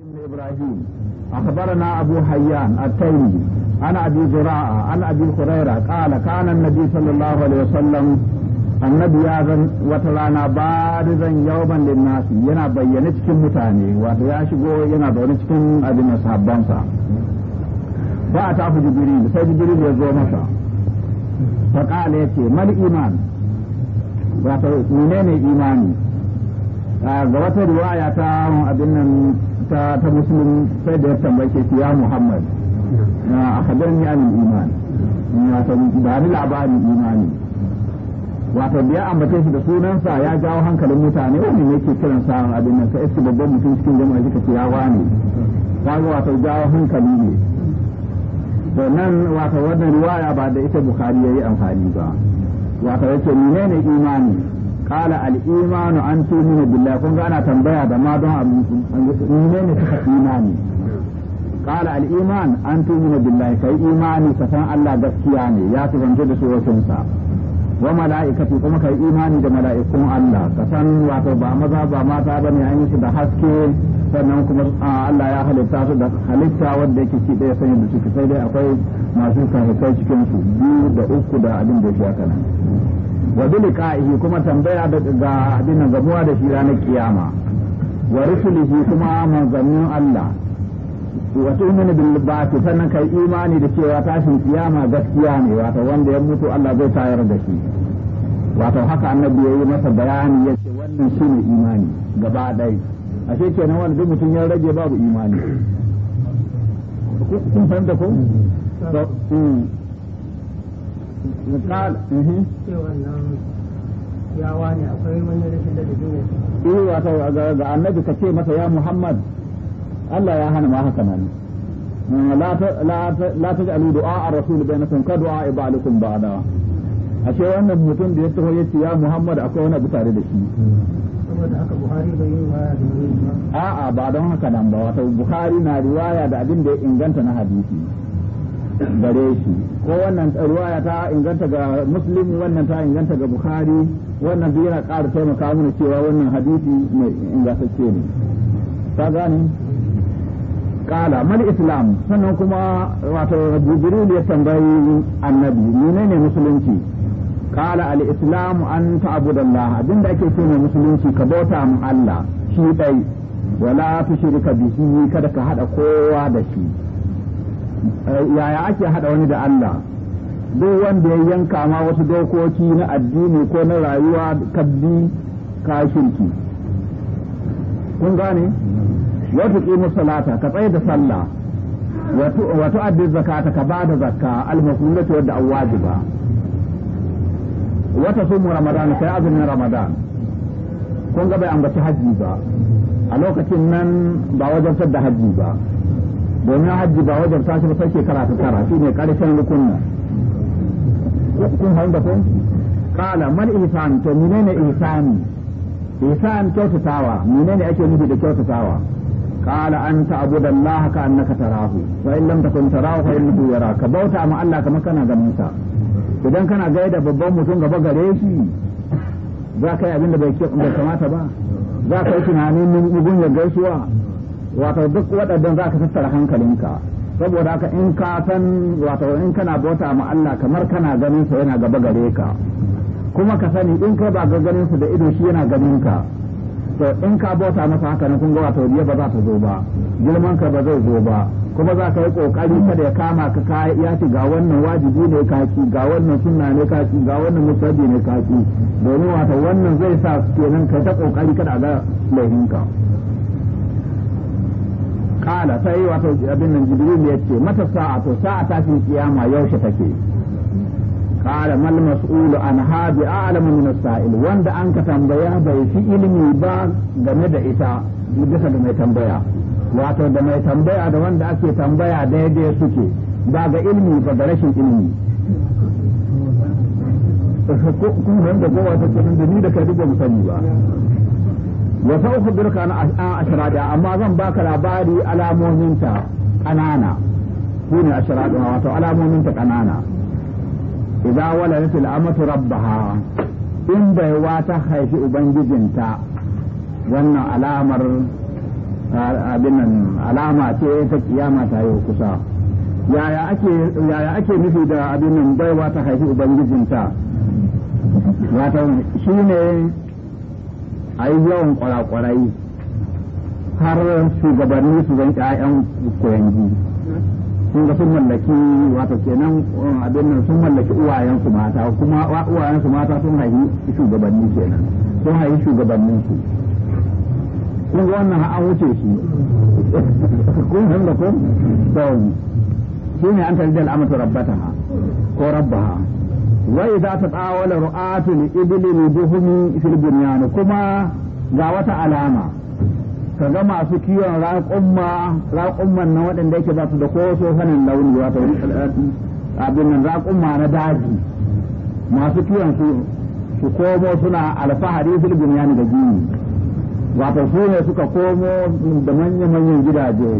ابن إبراهيم أخبرنا أبو حيان التيمي عن أبي زراعة عن أبي هريرة قال كان النبي صلى الله عليه وسلم annabi ya wata rana ba da zan yawman linnasi yana bayyane cikin mutane wato ya shigo yana zaune cikin abin da sahabbansa ba a tafi jibril sai jibril ya zo masa faƙala ya ce mal iman wato menene imani ga wata riwaya ta abin nan ta ta musulun sai da ya tambaye ke ya muhammad na akadarni an iman na ta ba ni labarin imani wato da ya ambace shi da sunansa ya jawo hankalin mutane wani ne yake kiran sa abin nan sai babban mutum cikin jama'a kika ce ya wani kaga wato jawo hankali ne to nan wato wannan riwaya ba da ita bukhari yayi amfani ba wato yake menene imani kala al’imanu an tumi na billa kun gana tambaya da ma don abu su an imani kala al’iman an tumi na billa ka imani ka Allah gaskiya ne ya su da suwacinsa wa mala’ika fi kuma ka imani da mala’ikun Allah ka san wato ba maza ba mata ba ne an yi su da haske sannan kuma Allah ya halitta su da halitta wadda yake ci daya sanya da su sai dai akwai masu kahikai cikinsu biyu da uku da abin da ya fi haka nan wa bi liqa'ihi kuma tambaya da ga abin gamuwa da shi ranar kiyama wa rusulihi kuma manzannin Allah wa tu'minu bil ba'th sannan kai imani da cewa tashin kiyama gaskiya ne wato wanda ya mutu Allah zai tayar da shi wato haka annabi yayi masa bayani yace wannan shine imani gaba ɗaya ashe kenan wanda duk mutum ya rage babu imani kun fahimta ko mm. Mm. قال mm-hmm. ya wani akwai wani rashin da da eh ga annabi ka ce masa ya Muhammad Allah ya hana ma haka nan mm, la la taj'alu du'a ar-rasul bainakum ka du'a ibalikum ba'da ashe wannan mutum da ya taho ya ya Muhammad akwai wani abu tare da shi saboda Buhari yi a'a ba don haka nan ba wata Buhari na riwaya da abin da ya inganta na hadisi gare shi ko wannan ruwaya ta inganta ga muslim wannan ta inganta ga bukhari wannan duk yana ƙara taimaka mana cewa wannan hadisi mai ingantacce ne ta gani kala mal islam sannan kuma wato jibril ya tambayi annabi menene musulunci kala al islam an ta'budallah da ake ce ne musulunci ka bauta mu Allah shi dai wala tushrika bihi kada ka haɗa kowa da shi yaya ake haɗa wani da Allah duk wanda ya yanka ma wasu dokoki na addini ko na rayuwa kabbi ka shirki kun gane wata qimu salata ka tsaye da sallah wata addin zakata ka bada zakka al wadda awajiba wata sumu ramadan ka yi azumin ramadan kun ga bai ambaci hajji ba a lokacin nan ba wajen da hajji ba domin hajji ba wajen tashi ba sai kara ta tara shi ne karshen rukunna kun fahimta ko kala mal ihsan to menene ihsani ihsan kyautatawa menene ake nufi da kyautatawa kala an ka annaka تعبد الله كأنك تراه وإن لم تكن تراه فإنه bauta ma allah kama kana ganin sa idan kana gaida babban mutum gaba gare shi za ka yi abin da bai kamata ba za ka yi tunanin mugun ya gaisuwa wato duk waɗannan za ka tattara hankalinka saboda haka in ka san wato in kana bauta ma Allah kamar kana ganin sa yana gaba gare ka kuma ka sani in kai ba ga ganin sa da ido shi yana ganin ka to in ka bauta masa haka nan kun ga wato biya ba za ta zo ba girman ka ba zai zo ba kuma za ka yi kokari kada ya kama ka ka ya ci ga wannan wajibi ne ka ci ga wannan sunna ne ka ci ga wannan musabbi ne ka ci domin wato wannan zai sa kenan ka ta kokari kada a ga laifinka kala sai wato abin nan jibril ya ce mata sa'a to sa'a ta fi kiyama yaushe take kala mal mas'ulu an hadi a'lamu min as-sa'il wanda an ka tambaya bai fi ilimi ba game da ita bisa da mai tambaya wato da mai tambaya da wanda ake tambaya daidai suke ba ga ilimi ba da rashin ilimi kuma wanda kowa ta da ni da kai duk ba mu sani ba wa sa birka an ashrada amma zan baka labari alamominta kanana shine ashrada wato alamominta kanana idza waladat al'amatu rabbaha in bai wata haifi ubangijinta wannan alamar abin nan alama ce ta kiyama ta yi kusa yaya ake nufi da abin nan baiwa ta haifi ubangijinta wato ne. a yi yawan kwarakwarai har shugabanni su zan koyan ji sun ga sun mallaki wato kenan um, abin nan sun mallaki su mata kuma su mata sun haihi shugabanni kenan sun haihi shugabannin su kun ga wannan an wuce shi kun san da kun shi ne an tarjal amatu rabbata ko rabbaha wa idza tatawala ru'atul ibli duhumi fil bunyan kuma ga wata alama kaga masu kiwon raƙumma raƙumman na waɗanda yake za su da ko sanin launi wato abin nan raƙumma na daji masu kiwon su su komo suna alfahari fil bunyan da gini wato su ne suka komo da manya-manyan gidaje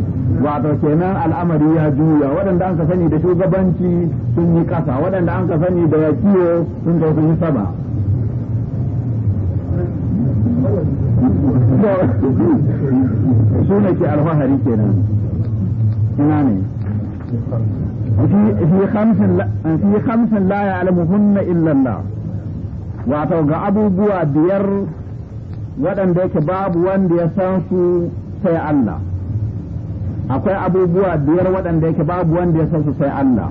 wato kenan al'amari ya juya waɗanda an ka sani da shugabanci sun yi ƙasa waɗanda an ka sani da kiwo sun zo sun yi sama su ne ke alfahari kenan ina ne fi khamsin la ya'lamuhunna alamuhunna illallah wato ga abubuwa biyar waɗanda yake babu wanda ya san su sai Allah akwai abubuwa biyar waɗanda yake babu wanda ya san su sai Allah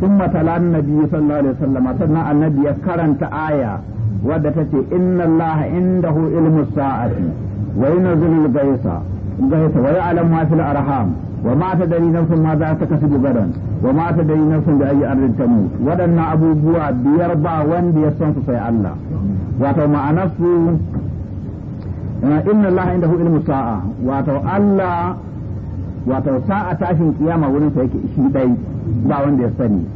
sun matala annabi sallallahu alaihi wasallam sannan annabi ya karanta aya wadda ta ce inna Allah indahu ilmu sa'ati wa yunzilu al-ghaitha ghaitha wa ya'lamu ma fil arham wa ma tadri nafsun ma za ta kasu gadan wa ma tadri nafsun bi ayi ardin tamut waɗannan abubuwa biyar ba wanda ya san su sai Allah wato ma'anarsu eh, inna Allah inda hu ilmu sa'a wato Allah wato sa'a tashin kiyama wurin sa yake shi dai ba wanda ya sani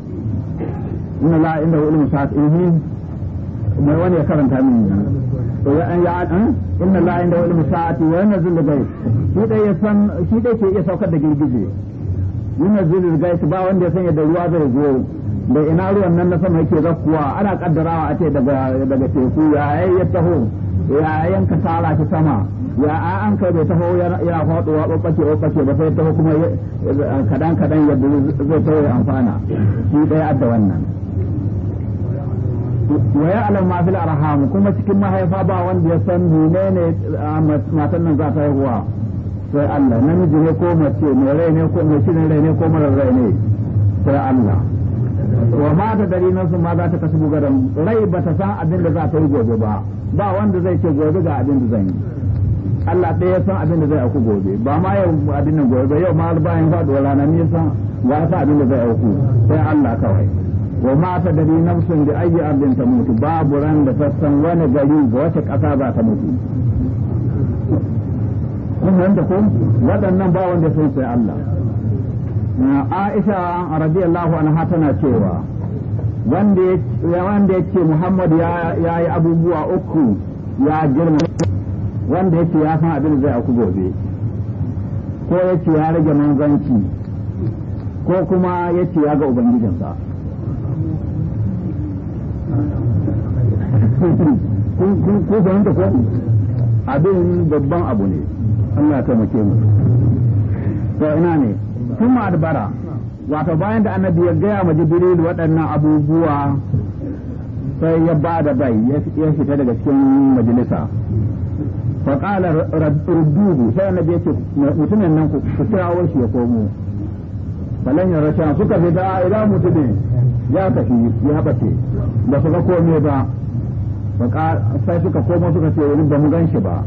inna Allah inda hu ilmu sa'a ilmi mai wani ya karanta min nan to ya an ya an eh, inna Allah inda hu ilmu sa'a wa yanzil gai shi dai ya san shi dai ke iya saukar da girgije yana zulul ghayb ba wanda ya san yadda ruwa zai zo da ina ruwan nan na sama yake zakkuwa ana kaddarawa a ce daga teku ya ya taho ya yanka tara ta sama ya an kai bai taho ya faduwa babbace babbace ba sai taho kuma kadan kadan yadda zai taho ya amfana shi ɗaya adda wannan wa ya alam fil arham kuma cikin mahaifa ba wanda ya san menene matan nan za ta haihuwa sai Allah namiji ne ko mace mai rai ne ko ne ko marar rai ne sai Allah wa ma ta dari nasu ma za ta kasu gadan rai ba ta san abin da za ta yi gobe ba ba wanda zai ce gobe ga abin da zan yi Allah ɗaya ya san abin da zai auku gobe ba ma yau abin nan gobe yau ma bayan faɗuwar rana ne san ga sa abin da zai auku sai Allah kawai wa ma ta dari nafsun da ayi abin ta mutu babu ran da sassan wani gari ga wata ƙasa za ta mutu kun ko waɗannan ba wanda sai sai Allah Aisha radiyallahu anha tana cewa wanda ya ce Muhammad ya yi abubuwa uku ya girma wanda ya ce ya san abin zai aku gobe ko ya ce ya rage manzanci ko kuma ya ce ya ga Ubangijinsa. Kun fahimta ko? Abin babban abu ne, Allah ya taimake mu. sun ma'adbara wato bayan da annabi ya gaya ma jibril waɗannan abubuwa sai ya ba da bai ya fita daga cikin majalisa faƙalar rudduhu sai annabi ya ce mutumin nan ku kirawo shi ya komo falan yin rashin suka fi da ila mutumin ya tafi ya bace ba su ga kome ba sai suka komo suka ce wani ba mu gan shi ba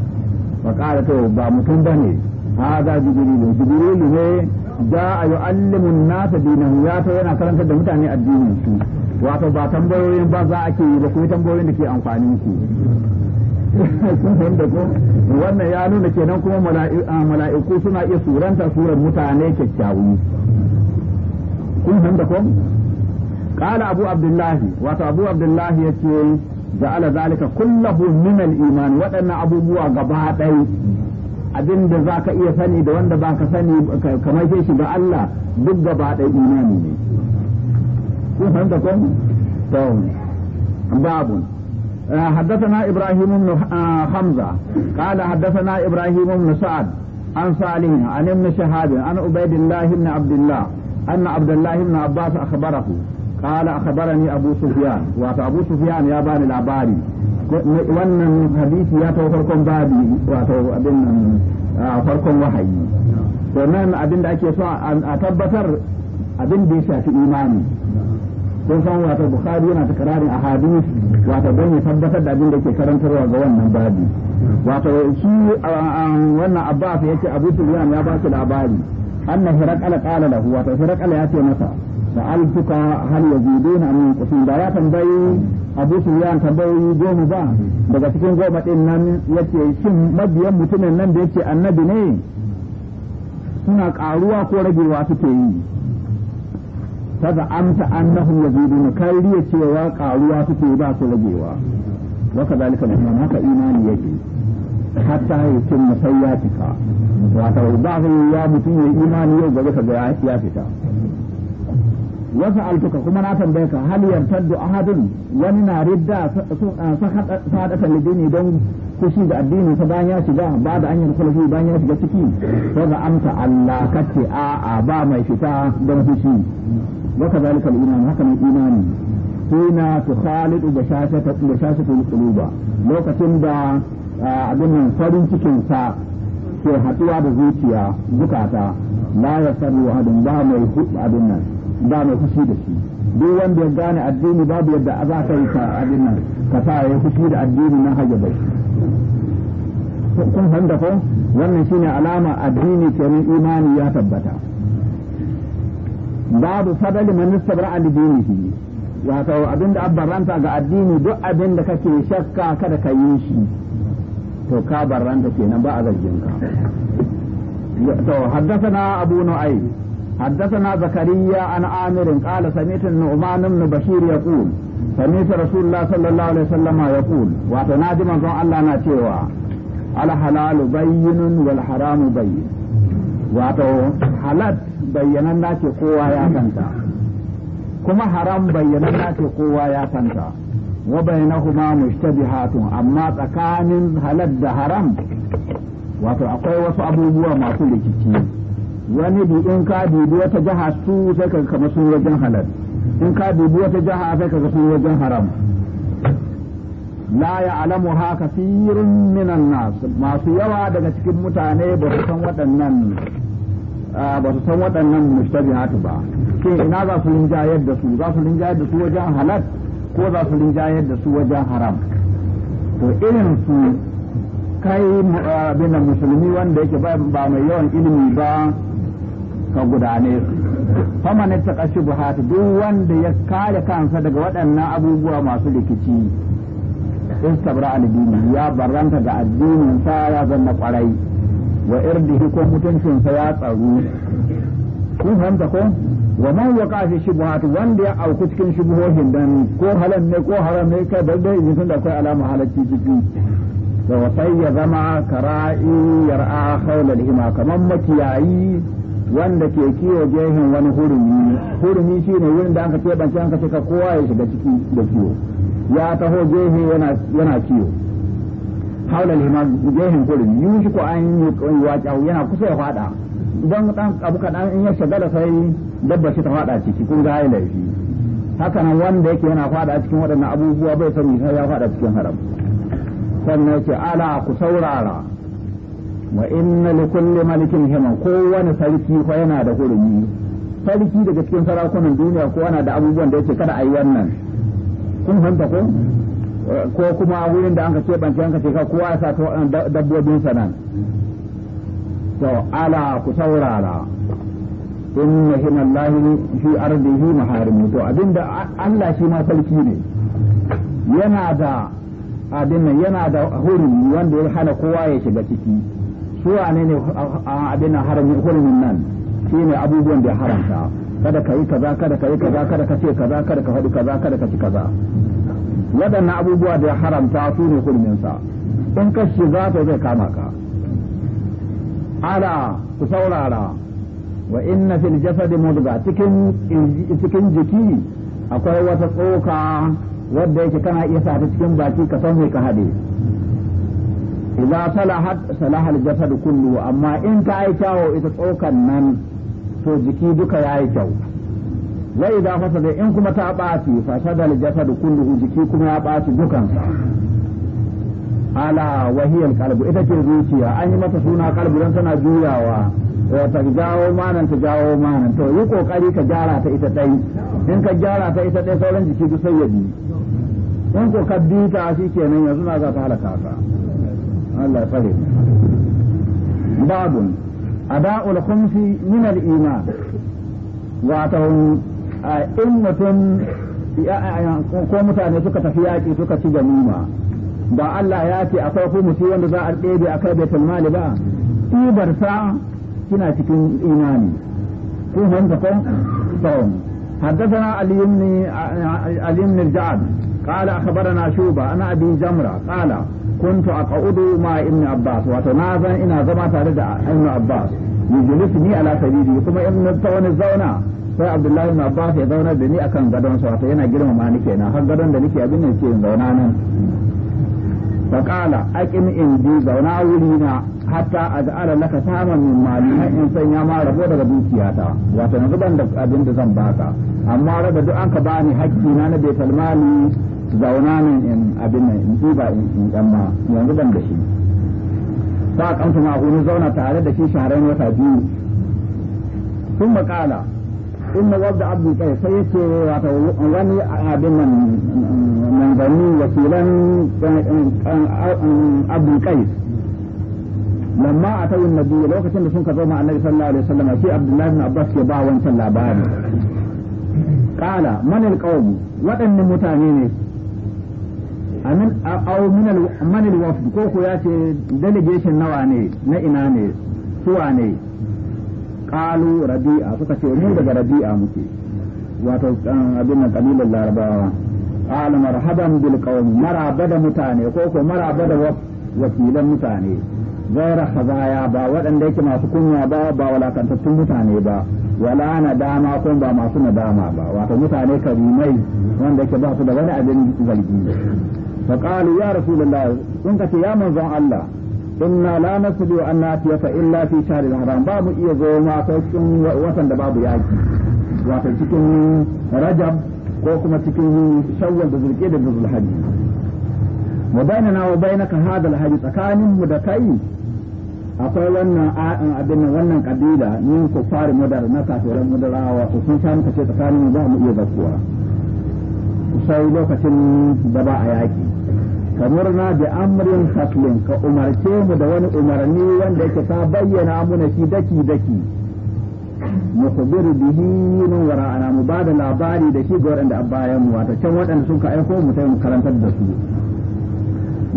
faƙalar to ba mutum ba ne ha za jibrilu jibrilu ne جاء يعلم الناس دينهم يا تو yana karantar da mutane addinin su wato ba tambayoyin ba za a ke yi da kuma tambayoyin da ke amfanin ku sun wannan ya nuna kenan kuma mala'iku suna iya suranta surar mutane kyakkyawu kun da ko qala abu abdullahi wato abu abdullahi yace ja'ala zalika kullahu min al waɗannan abubuwa gaba ɗaya abin da za ka iya sani da wanda ba ka sani kamar shi shiga Allah duk gaba da imani ne kun fahimta ko to babu حدثنا إبراهيم بن حمزة قال حدثنا إبراهيم بن سعد عن صالح عن ابن شهاب عن عبيد الله بن عبد الله أن عبد الله بن عباس أخبره قال أخبرني أبو سفيان وأبو سفيان يا بني العباري wannan hadisi ya tawo farkon babi wato abin nan farkon wahayi to nan abin da ake so a tabbatar abin da ya shafi imani ko san wato bukhari yana ta kararin a hadisi wato don ya tabbatar da abin da ke karantarwa ga wannan babi wato shi wannan abbas yake abu ya ba shi labari anna hirakala qala lahu wato hirakala ya ce masa sa'altuka hal yaziduna am yanqusun ba ya tambayi Abu ya tambayi goma ba daga cikin goma ɗin nan yace shin mabiyan mutumin nan da yace annabi ne suna ƙaruwa ko ragewa suke yi kaza ya annahum yaziduna kai riya cewa karuwa suke ba su ragewa wa kadalika mutum haka imani yake hatta ya cin musayyatika wato ba ya mutum ya imani yau gaba kaga ya fita wasu altuka kuma na tambaye ka hal yartaddu ahadun wani na ridda sadaka lidini don kushi da addini ta bayan ya shiga ba da anyan yi bayan ya shiga ciki ko da amsa Allah kace a a ba mai fita don kushi waka zalika al-iman haka ne imani hina tukhalidu da shashata da shashata quluba lokacin da abin nan farin cikin sa ke haɗuwa da zuciya zukata la yasabu ahadun ba mai hudu abin nan ba mai fushi da shi duk wanda ya gane addini babu yadda za ka yi ka abin nan ka sa ya fushi da addini na hajji bai kun san da ko wannan shine alama addini kenan imani ya tabbata babu fadali man istabra al dinihi wato abinda abbaranta ga addini duk abin da kake shakka kada ka yi shi to ka barranta kenan ba a zargin ka to haddathana abu nu'aym حدثنا زكريا عن عامر قال سمعت النعمان بن بشير يقول سمعت رسول الله صلى الله عليه وسلم يقول وتنادي من الله ناتيوا الحلال بين والحرام بين wato halat bayyanan na ce kowa ya santa kuma haram bayyanan na ce kowa ya santa wa bainahuma mushtabihatun amma tsakanin halal da haram wato akwai wasu abubuwa masu rikici wani in ka dubi wata jaha su sai ka kama sun wajen halal in ka dubi wata jaha sai ka sun wajen haram la alamu ha firin minan nas masu yawa daga cikin mutane ba su san waɗannan ba su san waɗannan mushtabihatu ba shin ina za su rinjayar da su za su rinjayar da su wajen halal ko za su rinjayar da su wajen haram to irin su kai abin musulmi wanda yake ba mai yawan ilimi ba ka gudane su fama ne ta kashi buhati duk wanda ya kare kansa daga waɗannan abubuwa masu rikici istabra addini ya baranta ga addinin sa ya zanna kwarai wa irdihi ko mutuncin sa ya tsaru kun hanta ko wa man waqa fi shubuhat wanda ya auku cikin shubuhohin dan ko halal ne ko haram ne kai bar dai sun da akwai alama halacci ciki to sai ya zama kara'i yar'a khawla al-hima kaman makiyayi wanda ke kiwo gehen wani hurumi hurumi shine wurin da aka keɓance an kace ka kowa ya shiga ciki da kiwo ya taho gehe yana kiwo haula lima gehen hurumi yi shi ko an yi waƙa yana kusa ya fada don dan abu kaɗan in ya shagala sai dabba shi ta faɗa ciki kun ga laifi haka nan wanda yake yana faɗa cikin waɗannan abubuwa bai sani sai ya fada cikin haram sannan ce ala ku saurara wa inna li kulli malikin hima kowane sarki ko yana da hurumi sarki daga cikin sarakunan duniya ko yana da abubuwan da yake kada a wannan kun fahimta ko ko kuma wurin da anka ce banci anka ka kowa ya sa dabbobin sa nan to ala ku saurara inna himallahi fi ardihi maharimu to abinda Allah shi ma sarki ne yana da abin nan yana da hurumi wanda ya hana kowa ya shiga ciki su a ne abin harami hurumin nan shi ne abubuwan da ya haramta kada ka yi kaza kada ka yi kaza kada ka ce kaza kada ka faɗi kaza kada ka ci kaza waɗannan abubuwa da ya haramta su ne in ka shiga to zai kama ka ala ku saurara wa inna fil jasadi mudga cikin cikin jiki akwai wata tsoka wadda yake kana iya sa ta cikin baki ka san sai ka haɗe idza salahat salaha al-jasad kullu amma in ta yi ita tsokan nan to jiki duka yayi kyau wa idza fasada in kuma ta ɓaci fasada al-jasad kullu jiki kuma ya ɓaci dukansa ala wahiyar kalbu ita ce zuciya an yi mata suna kalbu don tana juyawa ta jawo manan ta jawo manan to yi kokari ka gyara ta ita dai in ka gyara ta ita dai sauran jiki duk sai ya bi in ko ka ta shi kenan yanzu na za ta halaka ka Allah a babun ada'ul khumsi min al-iman wato in mutum ko mutane suka tafi yaƙi suka ci ganima ba Allah ya ce akwai humusi wanda za a ɗebe a kai baitul mali ba ibar sa kina cikin imani kun hanta ko to حدثنا علي بن علي بن الجعد قال اخبرنا شوبه انا ابي جمره قال كنت أقعد مع ابن عباس وتنازع إن زما تارد ابن عباس يجلسني على kuma كما ابن الزون الزونة sai Abdullahi ibn Abbas ya zauna da ni akan gadon sa wato yana girma ma nake na har gadon da nake abin da ke zauna nan fa qala aqim indi zauna wuri na hatta aj'ala laka saman min mali in sanya ma rabo daga dukiyata wato na zuban da abin da zan baka amma raba duk an ka bani hakki na na betalmali zauna min in abin nan in tuba in yamma yanzu ban da shi ba kanta ma hunu zauna tare da shi shahararren wata biyu sun makala inna wadda abdu kai sai yace wata wani abin nan gani wakilan eh, eh, eh, abdu kai lamma a ta yin nabi lokacin da sun ka zama annabi sallallahu alaihi wasallam shi abdullahi ibn abbas ke ba wancan labari kala manil alqawm waɗanne mutane ne amin au minal manil wafd ko ko ya ce delegation nawa ne na ina ne suwa ne qalu rabi'a suka ce mu daga rabi'a muke wato um, abin nan larabawa qala marhaban bil qawm maraba da mutane ko ko maraba da wakilan mutane gaira khazaya ba waɗanda yake masu kunya ba ba walakantattun mutane ba wala na dama ko ba masu nadama ba wato mutane karimai wanda yake ba su da wani abin zargi فقالوا يا رسول الله كنت يا منظم الله إنا لا نستطيع أن نأتيك إلا في شهر الحرام باب إيزو ما تشكن وطن باب ياجي وتشكن رجب وكما تشكن شوال بذلك يد بذل الحج وبيننا وبينك هذا الحج تكاني مدكي akwai wannan abin wannan kabila ni ku fara mudar na kafiran mudarawa to sun sha muka ce tsakanin za mu iya zakuwa sai lokacin da ba a yaki kamurna da amrin haslin ka umarce mu da wani umarni wanda yake ta bayyana muna shi daki daki mukhbir bihi min wara'ana mu ba da labari da shi ga waɗanda a mu wato can waɗanda sun ka aiko mu sai mu karantar da su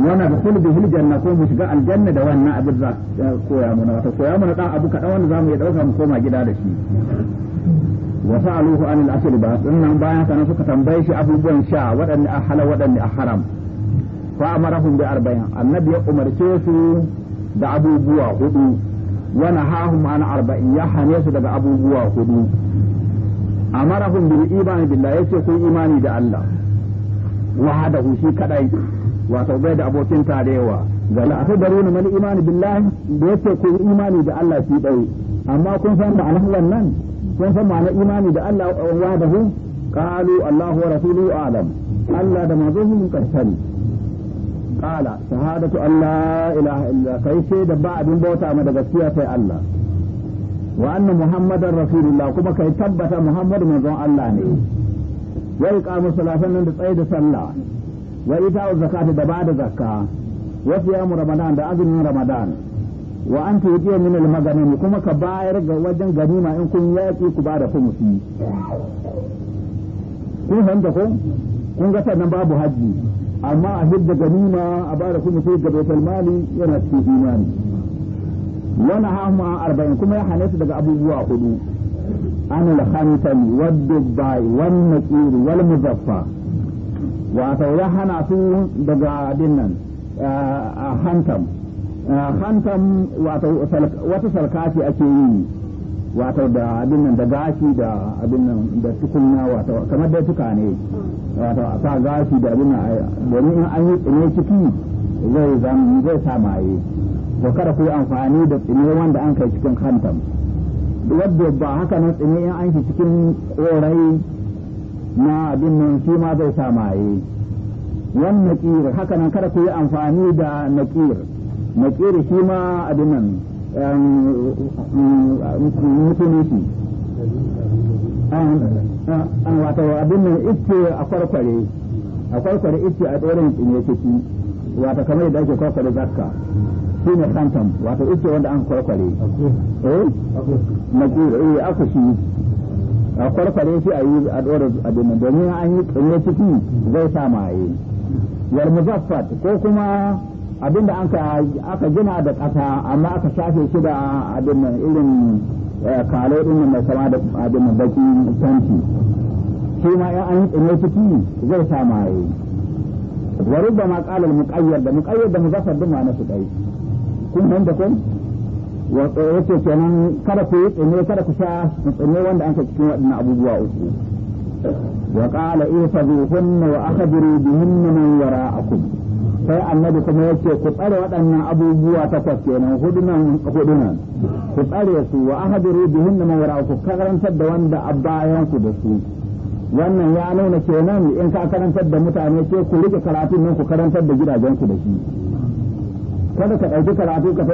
wannan da kullu bihi janna ko mu shiga aljanna da wannan abin za koya mana wato koya mana dan abu da wanda zamu iya dauka mu koma gida da shi wa sa'aluhu anil asli ba sunan bayan kana suka tambaye shi abubuwan sha waɗanda a halal waɗanda a haram fa amarahum bi arba'in annabi ya umarce su da abubuwa hudu wa nahahum an arba'in ya hane su daga abubuwa hudu amarahum bil imani billah yace ku imani da Allah wahadahu shi kadai wato bai da abokin tarewa ga la'atu daruna man imani billahi da yace ku imani da Allah shi dai amma kun san ma'anar wannan kun san ma'anar imani da Allah Allahu wa Allah da manzo qala shahadatu an la ilaha illa kai ba abin bauta ma da gaskiya sai Allah wa anna muhammadar rasulullah kuma kai tabbata muhammadu manzon Allah ne wa iqamu salatan nan da tsaye da sallah wa ita'u da ba da zakka wa siyamu ramadan da azumin ramadan wa an tuɗiya min al kuma ka bayar ga wajen ganima in kun yaƙi ku bada kumusi kun fahimta ko kun ga sannan babu hajji amma a hidda ganima a bada kuma sai ga baitul mali yana cikin imani wani hama arba'in kuma ya hane su daga abubuwa hudu an al-khantal wa dubai wan naqir wal muzaffa wa ta ya hana su daga dinnan a hantam hantam wata salka ake yi wato da abin nan da gashi da abin nan da tukunya wato kamar da tuka ne wato a sa gashi da abin nan domin in an yi tsine ciki zai zan zai sa maye to kada ku yi amfani da tsine wanda an kai cikin hantam wadda ba haka nan tsine in an shi cikin korai na abin nan shi ma zai sa maye wannan nakir haka nan kada ku yi amfani da nakir nakir shi ma abin nan musulunci an wata abin nan ice a kwarkware a kwarkware ice a tsoron tsinye ciki wata kamar da ake kwarkware zakka shi ne phantom wata ice wanda an kwarkware eh makira eh akushi a kwarkware shi a yi a tsoron abin nan domin an yi tsinye ciki zai sa maye yar muzaffat ko kuma abinda an aka gina da ƙasa amma aka shafe shi da abin nan irin eh, kalo din mai sama da abin nan baki tanti shi ma ya an tsine ciki zai sa maye wa rubba qala al muqayyad da muqayyad da muzaffar duma na su dai kun hanta kun wato yake kenan kada ku yi tsine kada ku sha tsine wanda an ka cikin waɗannan abubuwa uku wa qala ihfazuhunna wa akhbiru bihinna min wara'akum sai annabi kuma yake ku tsare waɗannan abubuwa takwas kenan hudunan hudunan ku tsare su wa ahadiru bihin da mawara ku karantar da wanda a bayansu da su wannan ya nuna kenan in ka karantar da mutane ke ku rike karatun nan ku karantar da gidajen da shi kada ka ɗauki karatu ka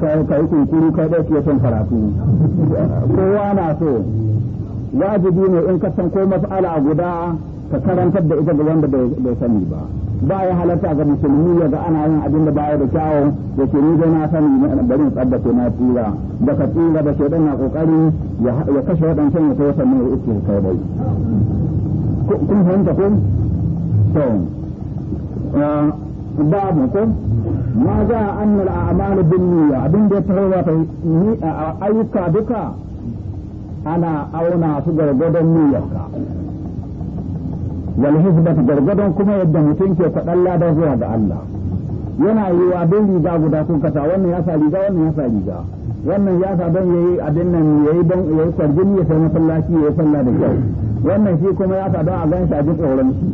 sai ka yi kunkuru kai ɗaya ke son karatu kowa na so wajibi ne in ka san ko mas'ala guda ka karantar da ita ga wanda bai sani ba ba ya halatta ga musulmi ya ga ana yin abin da baya da kyawu da ke ni na sani bari tsabbace na tsira da ka tsira da shaidan na kokari ya kashe waɗancan ya tawasa mai iske kai dai kun fahimta ko to eh, babu ko ma za a annal a'malu bin niyya abin da ya tawawa ta ayyuka duka ana auna su gargadon niyyarka wal hizbat gargadon kuma yadda mutum ke faɗan lada zuwa ga Allah yana yi wa abin riga guda sun kasa wannan ya sa riga wannan ya sa riga wannan ya sa don yayi abin nan yayi don yayi kwarjin ya sai masallaci ya sallah da kyau wannan shi kuma ya sa don a gan shi a ji tsoron shi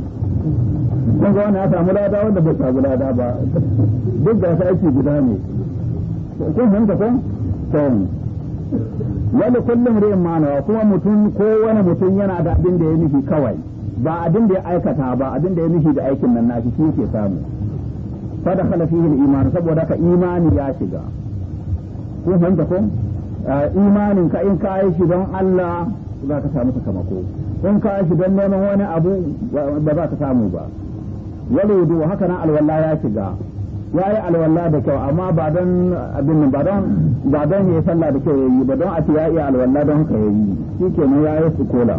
kun ga wannan ya samu lada wanda bai samu lada ba duk da aiki guda ne kun hanta kun to wani kullum ri'in ma'ana kuma mutum ko wani mutum yana da abin da ya nufi kawai ba abin da ya aikata ba abin da ya nishi da aikin nan nashi shi ke samu fa da khala fihi iman saboda ka imani ya shiga ko fahimta ko imanin ka in ka yi shi don Allah za ka samu sakamako in ka yi shi don neman wani abu ba za ka samu ba waludu haka nan alwala ya shiga ya yi alwala da kyau amma ba don abin ba don ba don ya sallah da kyau yayi ba don a ce ya yi alwala don ka yayi shi nan ya yi sukola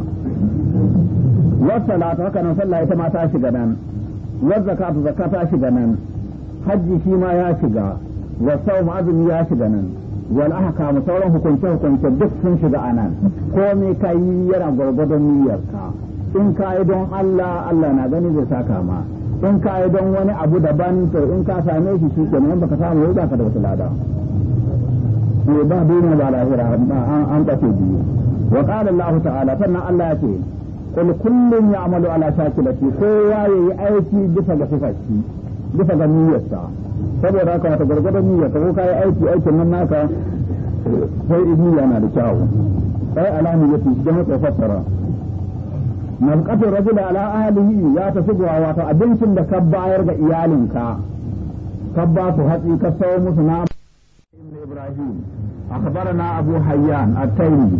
wasalatu haka nan sallah ita ma ta shiga nan wa zakatu zakka ta shiga nan hajji shi ma ya shiga wasu azumi ya shiga nan wal ahkam sauran hukunce hukunce duk sun shiga a nan komai yi yana gwargwadon niyyarka in ka yi don Allah Allah na gani zai saka ma in ka yi don wani abu daban to in ka same shi shi kenan baka samu wai baka da wata lada ba duniya ba lahira an kace biyu wa qala Allah ta'ala sannan Allah ya ce kul kullum ya amalu ala shakilati kowa ya yi aiki bisa ga sifarki bisa ga niyyarsa saboda haka wata gargadon niyyarsa ko yi aiki aikin nan naka sai niyya na da kyawu sai alamu yake don haka fassara nafqatu rajul ala ahlihi ya sugwa wato abincin da ka bayar ga iyalinka ka ba su hatsi ka sayo musu na Ibrahim أخبرنا أبو حيان التيمي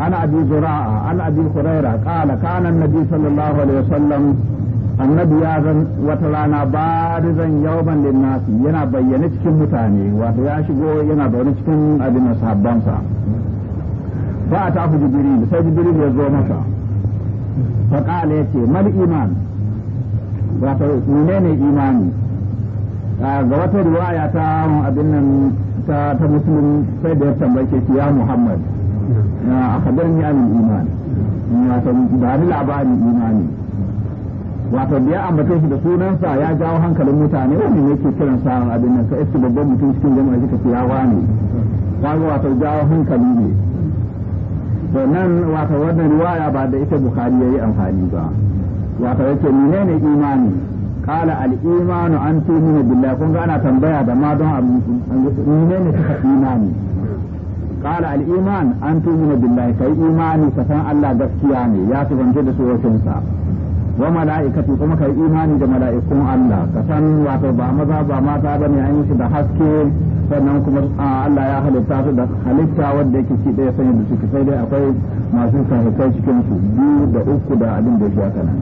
عن أبي زراعة عن أبي هريرة قال كان النبي صلى الله عليه وسلم annabi ya zan wata rana ba zan yawman linnasi yana bayyane cikin mutane wato ya shigo yana bayyane cikin abin da sahabbansa ba a tafi sai jibril ya zo masa fa qala yace mal iman wato menene imani ga wata riwaya ta abin nan ta ta musulun sai da ya tambaye ke ya muhammad na hmm. a ni amin iman ta ba ni labarin imani wato da ya ambace shi da sunansa ya jawo hankalin mutane wani ne ke kiran sa abin nan ka iske babban mutum cikin jama'a shi ka ya wani kaga wato jawo hankali ne to nan wato wannan riwaya ba da ita bukhari yayi amfani ba wato yake ne imani kala al an tu'minu billahi kun tambaya da ma don abu suka imani al iman an tu'minu kai imani ka san Allah gaskiya ne ya tubanta da suwacin sa wa mala'ikati kuma kai imani da mala'ikun Allah ka san wato ba maza ba mata ba ne an yi shi da haske sannan kuma Allah ya halitta su da halitta wadda yake shi ɗaya sanya da suke sai dai akwai masu sahihai cikin su biyu da uku da abin da shi haka nan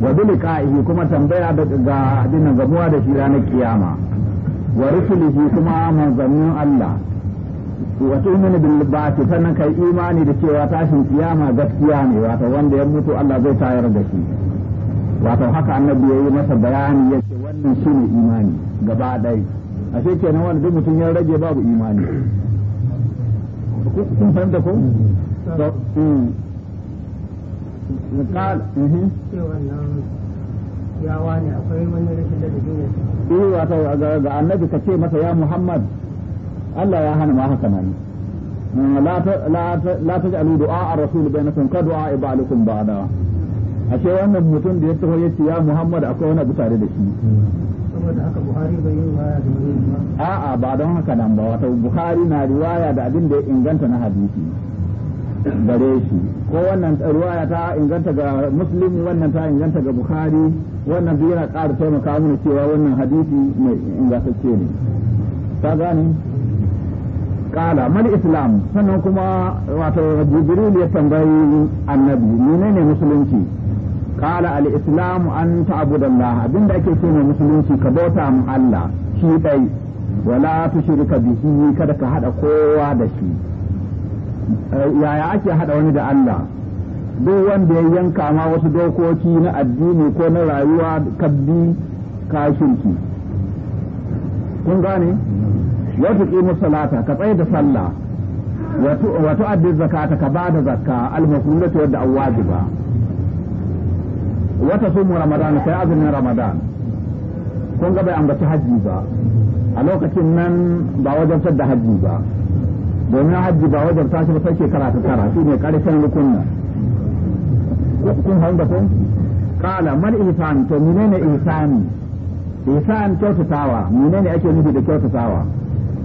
wa bi liqa'ihi kuma tambaya da ga abin gamuwa da shi ranar kiyama wa rusulihi kuma manzannin Allah wa tu'minu bil Bati sannan kai imani da cewa tashin kiyama gaskiya ne wato wanda ya mutu Allah zai tayar da shi wato haka annabi yayi masa bayani yace wannan shine imani gaba ɗaya ashe kenan wanda duk mutum ya rage babu imani kun fahimta ko ya hmm. mhm. wani akwai wani rashin da eh, ga annabi ka masa ya Muhammad Allah ya hana ma haka nan hmm, la du'a ar-rasul ka ba'da ashe wannan mutum da ya ya ce ya Muhammad akwai wani abu da shi hmm. a'a ba don haka nan ba wato bukhari na riwaya da abin da ya inganta na hadisi gare shi ko wannan riwaya ta inganta ga muslim wannan ta inganta ga bukhari wannan biyu yana ƙara taimaka mana cewa wannan hadisi mai ingantacce ne ta gani kala mal islam sannan kuma wato jibril ya tambayi annabi menene musulunci kala al islam an ta'budallah abinda ake ce mai musulunci ka bauta mu Allah shi dai wala tushrika bihi kada ka hada kowa da shi yaya ake hada wani da Allah duk wanda ya yanka ma wasu dokoki na addini ko na rayuwa kabbi ka shirki kun gane wata qimu salata ka tsaye da sallah wata addi zakata ka bada zakka al-mafruḍatu da awajiba wata sumu ramadan sai azumin ramadan kun ga bai ambaci hajji ba a lokacin nan ba wajen da hajji ba domin hajji ba wajen tashi ba sai shekara ta tara shi ne karshen rukunna kun hanga kun kala mal ihsan to menene ihsani ihsan kyautatawa menene ake nufi da kyautatawa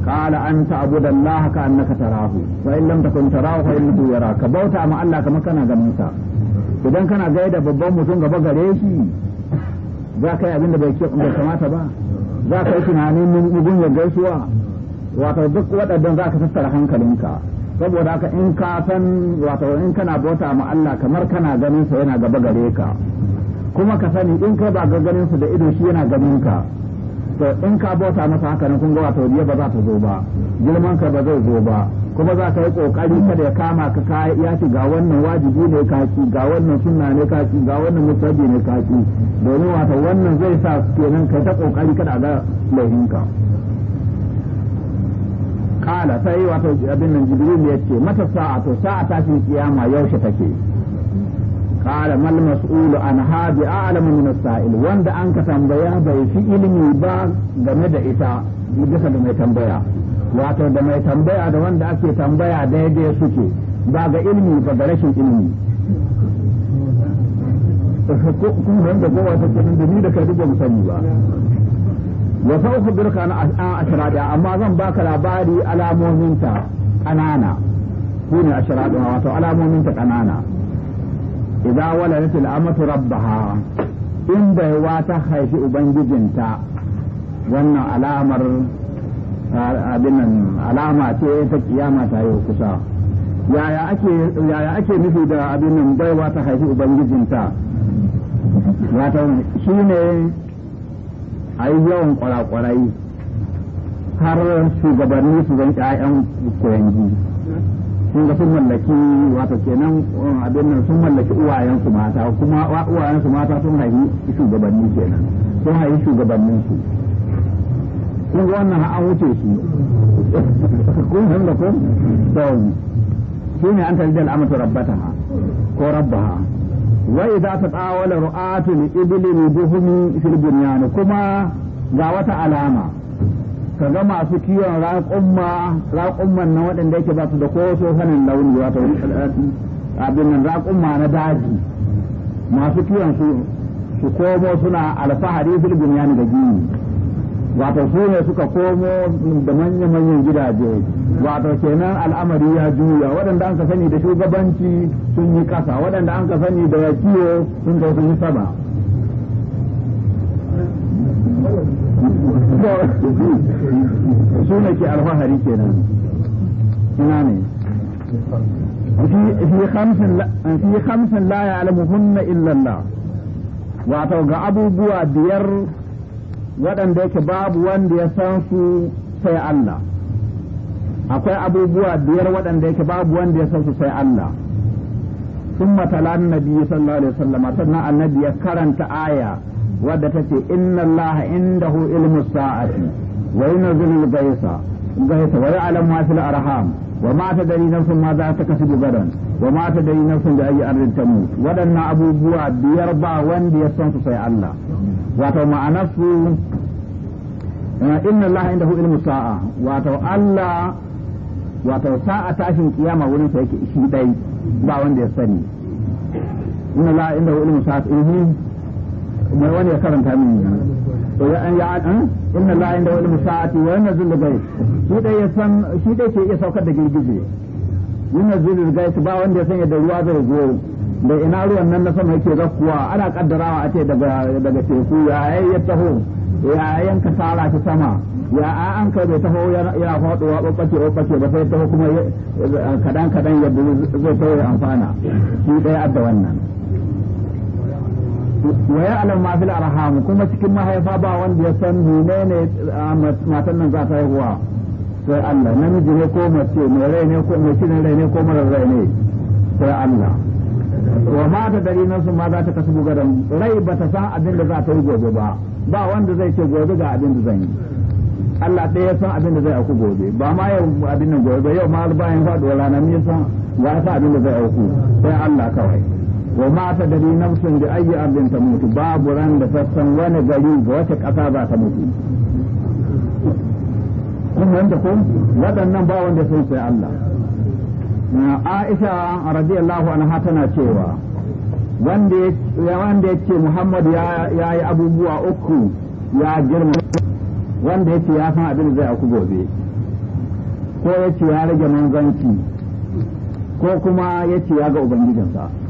kala an قال أن تعبد الله كأنك تراه وإن tarahu تكن تراه فإنه يراك بوتا مع الله kana ganin جنسا idan kana gaida babban mutum gaba gare shi za ka yi abin da bai kamata ba za ka yi tunanin mugun ya gaisuwa wato duk waɗannan za ka tattara hankalinka saboda ka in ka san wato in kana bauta ma Allah kamar kana ganin sa yana gaba gare ka kuma ka sani in kai ba ga ganin su da ido shi yana ganin ka to in ka bauta masa haka nan kun ga wato diya ba za ta zo ba girman ka ba zai zo ba kuma za ka yi kokari kada ya kama ka ka ya ci ga wannan wajibi ne ka ci ga wannan sunna ne ka ci ga wannan mutabi ne ka ci domin wato wannan zai sa kenan kai ta kokari kada ga ka. kala sai wato abin nan jibril ya ce mata sa'a to sa'a ta fi kiyama yaushe take قال ما المسؤول عن هذا أعلم من السائل an أنك تنبيا بي في علمي با game da ita bisa da mai tambaya wato da mai tambaya da wanda ake tambaya daidai suke ba ga ilimi ba ga rashin ilimi kun nan da kowa ta da ni da ka duk ba mu sani ba wa fa ukhbiruka an amma zan baka labari alamominta alamominta kanana idza waladat al'amatu rabbaha in baiwa ta haifi ubangijinta wannan alamar abinan alama ce ta kiyama ta yau kusa yaya ake nufi da abinan baiwa ta haifi ubangijinta wato ne a yi yawan kwarakwarai har shugabanni su zan 'ya'yan koyangi sun ga sun mallaki wato kenan uh, abin nan sun mallaki uwayensu mata kuma uwayensu mata sun haifi shugabanni kenan sun haifi shugabannin su kun ga wannan an wuce su kun san da kun to ne an tarjal amatu ha ko rabbaha wa idza tatawala ru'atu li ibli duhumi fil bunyan kuma ga wata alama ka ga masu kiwon raƙumma raƙumman nan waɗanda yake ba su da ko sanin launi wato abin nan raƙumma na daji masu kiwon su su komo suna alfahari fil bunyani da gini wato su ne suka komo da manya-manyan gidaje wato kenan al'amari ya juya waɗanda an ka sani da shugabanci sun yi ƙasa waɗanda an ka sani da kiwo sun kai sun yi sama su ne ke alfahari kenan ina ne fi hamsin la ya alamuhunna illallah wato ga abubuwa biyar waɗanda yake babu wanda ya san su sai Allah akwai abubuwa biyar waɗanda yake babu wanda ya san su sai Allah sun matala annabi sallallahu alaihi wasallam sannan annabi ya karanta aya wadda ta ce inna Allah indahu ilmu sa'ati wa yunzilu al-ghaitha gaisa wa ya'lamu ma fil arham wa ma tadri nafsun ma za ta kasibu gadan wa ma tadri nafsun bi ayyi ardin tamut wadannan abubuwa biyar ba wanda ya san su sai Allah wato ma'anarsu eh, inna Allah hu ilmu sa'a wato Allah wato sa'a tashin kiyama wurin sa yake shi dai ba wanda ya sani inna Allah hu ilmu sa'a kuma wani ya karanta min ne to ya an ya an inna la inda wal musa'ati wa yanzul ghayb shi dai ya san shi dai ke iya saukar da girgije yanzul ghayb ba wanda ya san da ruwa zai zo da ina ruwan nan na sama yake zakkuwa ana kaddarawa a ce daga daga teku ya yayi ya taho ya ta sama ya a an kai bai taho ya faɗuwa ɓaɓɓace ɓaɓɓace ba sai taho kuma kadan kadan ya zai taho ya amfana shi dai adda wannan wa ya alam ma fil arham kuma cikin mahaifa ba wanda ya san menene matan nan za ta haihuwa sai Allah namiji ne ko mace mai rai ne ko mai cin rai ne ko marar rai ne sai Allah wa ma ta dari nasu ma za ta kasu gadan rai ba ta san abin da za ta yi gobe ba ba wanda zai ce gobe ga abin da zan yi Allah ɗaya ya san abin da zai auku gobe ba ma yau abin nan gobe ba yau ma bayan faɗuwar rana ne san ga sa abin da zai auku sai Allah kawai wa ma ta dari nafsin bi ayi abin ta mutu babu ran da sassan wani gari ga wata ƙasa za ta mutu kun wanda ko waɗannan ba wanda sai sai Allah Aisha radiyallahu anha tana cewa wanda ya wanda yake Muhammad ya yayi abubuwa uku ya girma wanda yake ya san abin zai aku gobe ko yace ya rage manzanci ko kuma yace ya ga ubangijinsa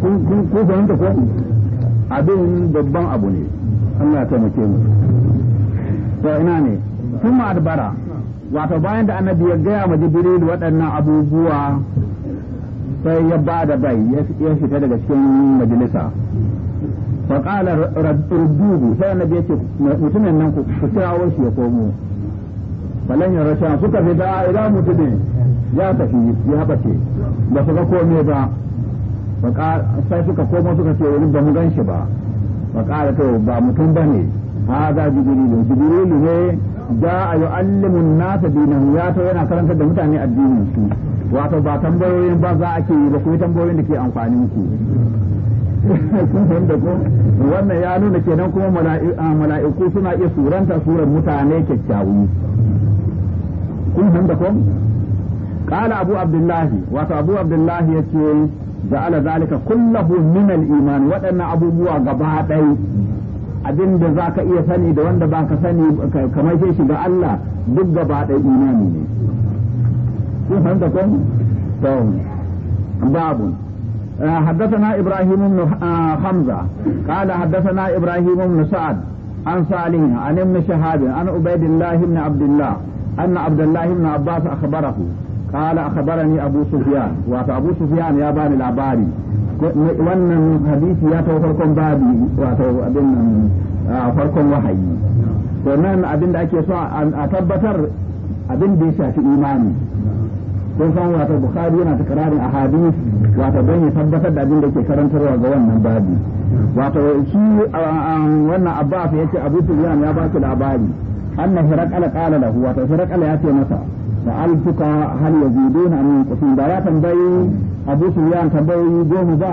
kun fahimta ko abin babban abu ne Allah ta muke mu to ina ne tun ma adbara wato bayan da annabi ya gaya ma jibril waɗannan abubuwa sai ya ba da bai ya fita daga cikin majalisa faƙala rudduhu sai annabi ya ce mutumin nan ku kirawo shi ya komo falan ya rasha suka da idan mutumin ya tafi ya bace ba su ga kome ba sai suka komo suka ce wani ba mu gan shi ba ba ƙara to ba mutum ba ne haza jibrilu jibrilu ne za a allimin nasa dinan ya ta yana karantar da mutane addinin su wato ba tambayoyin ba za a ke yi ba ku yi tambayoyin da ke amfanin ku wannan ya nuna kenan kuma mala'iku suna iya suranta surar mutane kyakkyawu kun fahimta ko قال أبو عبد الله وأبو عبد الله يقول جعل ذلك كله من الإيمان وأن أبو بوا قبعتي abin da za ka iya sani da wanda ba ka sani kamar shi shiga Allah duk gaba da imani ne. Kun fahimta ko? To, babu. حدثنا إبراهيم بن حمزة قال حدثنا إبراهيم بن سعد عن صالح عن ابن شهاب عن عبيد الله بن عبد الله أن عبد الله بن عباس أخبره قال أخبرني أبو سفيان وأبو سفيان يا بني العباري wannan hadisi ya tawo farkon babi wato abin nan farkon wahayi to nan abin da ake so a tabbatar abin da ya shafi imani kun san wato bukhari yana takararin ahadith wato don ya tabbatar da abin da ke karantarwa ga wannan babi wato shi wannan abbas yace abu sufyan ya ba shi labari anna hirqala qala lahu wato hirqala ya ce masa sa'altuka hal yaziduna am yanqusun da ya tambayi Abu Sufyan tambayoyi goma ba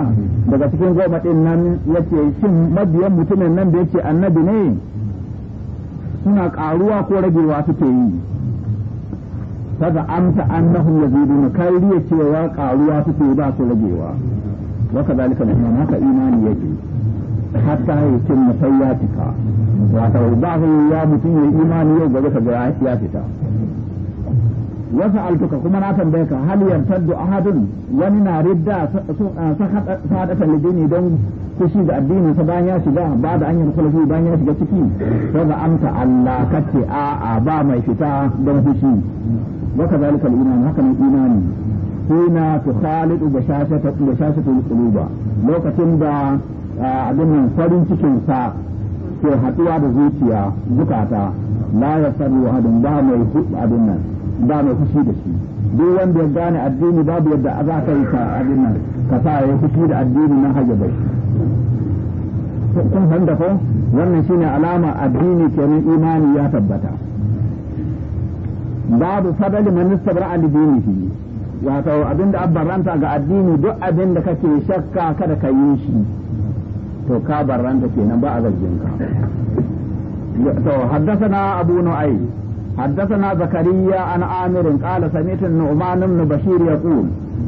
daga cikin goma din nan yace shin mabiyan mutumin nan da yake annabi ne suna karuwa ko ragewa suke yi kaga amsa annahum yaziduna kai riya cewa karuwa suke ba su ragewa wa kadalika nan haka imani yake hatta ya ce musayyatika wato ba ya mutum ya imani yau gaba ga ya fita wasu altuka kuma na tambaye ka hal yartaddu ahadun wani na ridda sadaka lidini don kushi da addini ta bayan ya shiga ba da an yi kulafi bayan ya shiga ciki sai da amsa Allah kace a a ba mai fita don kushi waka zalika al-iman haka ne imani hina tukhalidu bashashata bashashata al-quluba lokacin da abin nan farin cikin sa ke haduwa da zuciya zukata la wa ahadun ba mai abin nan ba mai fushi da shi duk wanda ya gane addini babu yadda za ka yi ka abin ka sa ya fushi da addini na hajja bai kun san da ko wannan shine alama addini kenan imani ya tabbata babu fadali man istabra al dinihi wato abinda abbaranta ga addini duk abin da kake shakka kada ka yi shi to ka barranta kenan ba a zargin ka to haddasa na abu ai. حدثنا زكريا عن عامر قال سمعت النعمان بن بشير يقول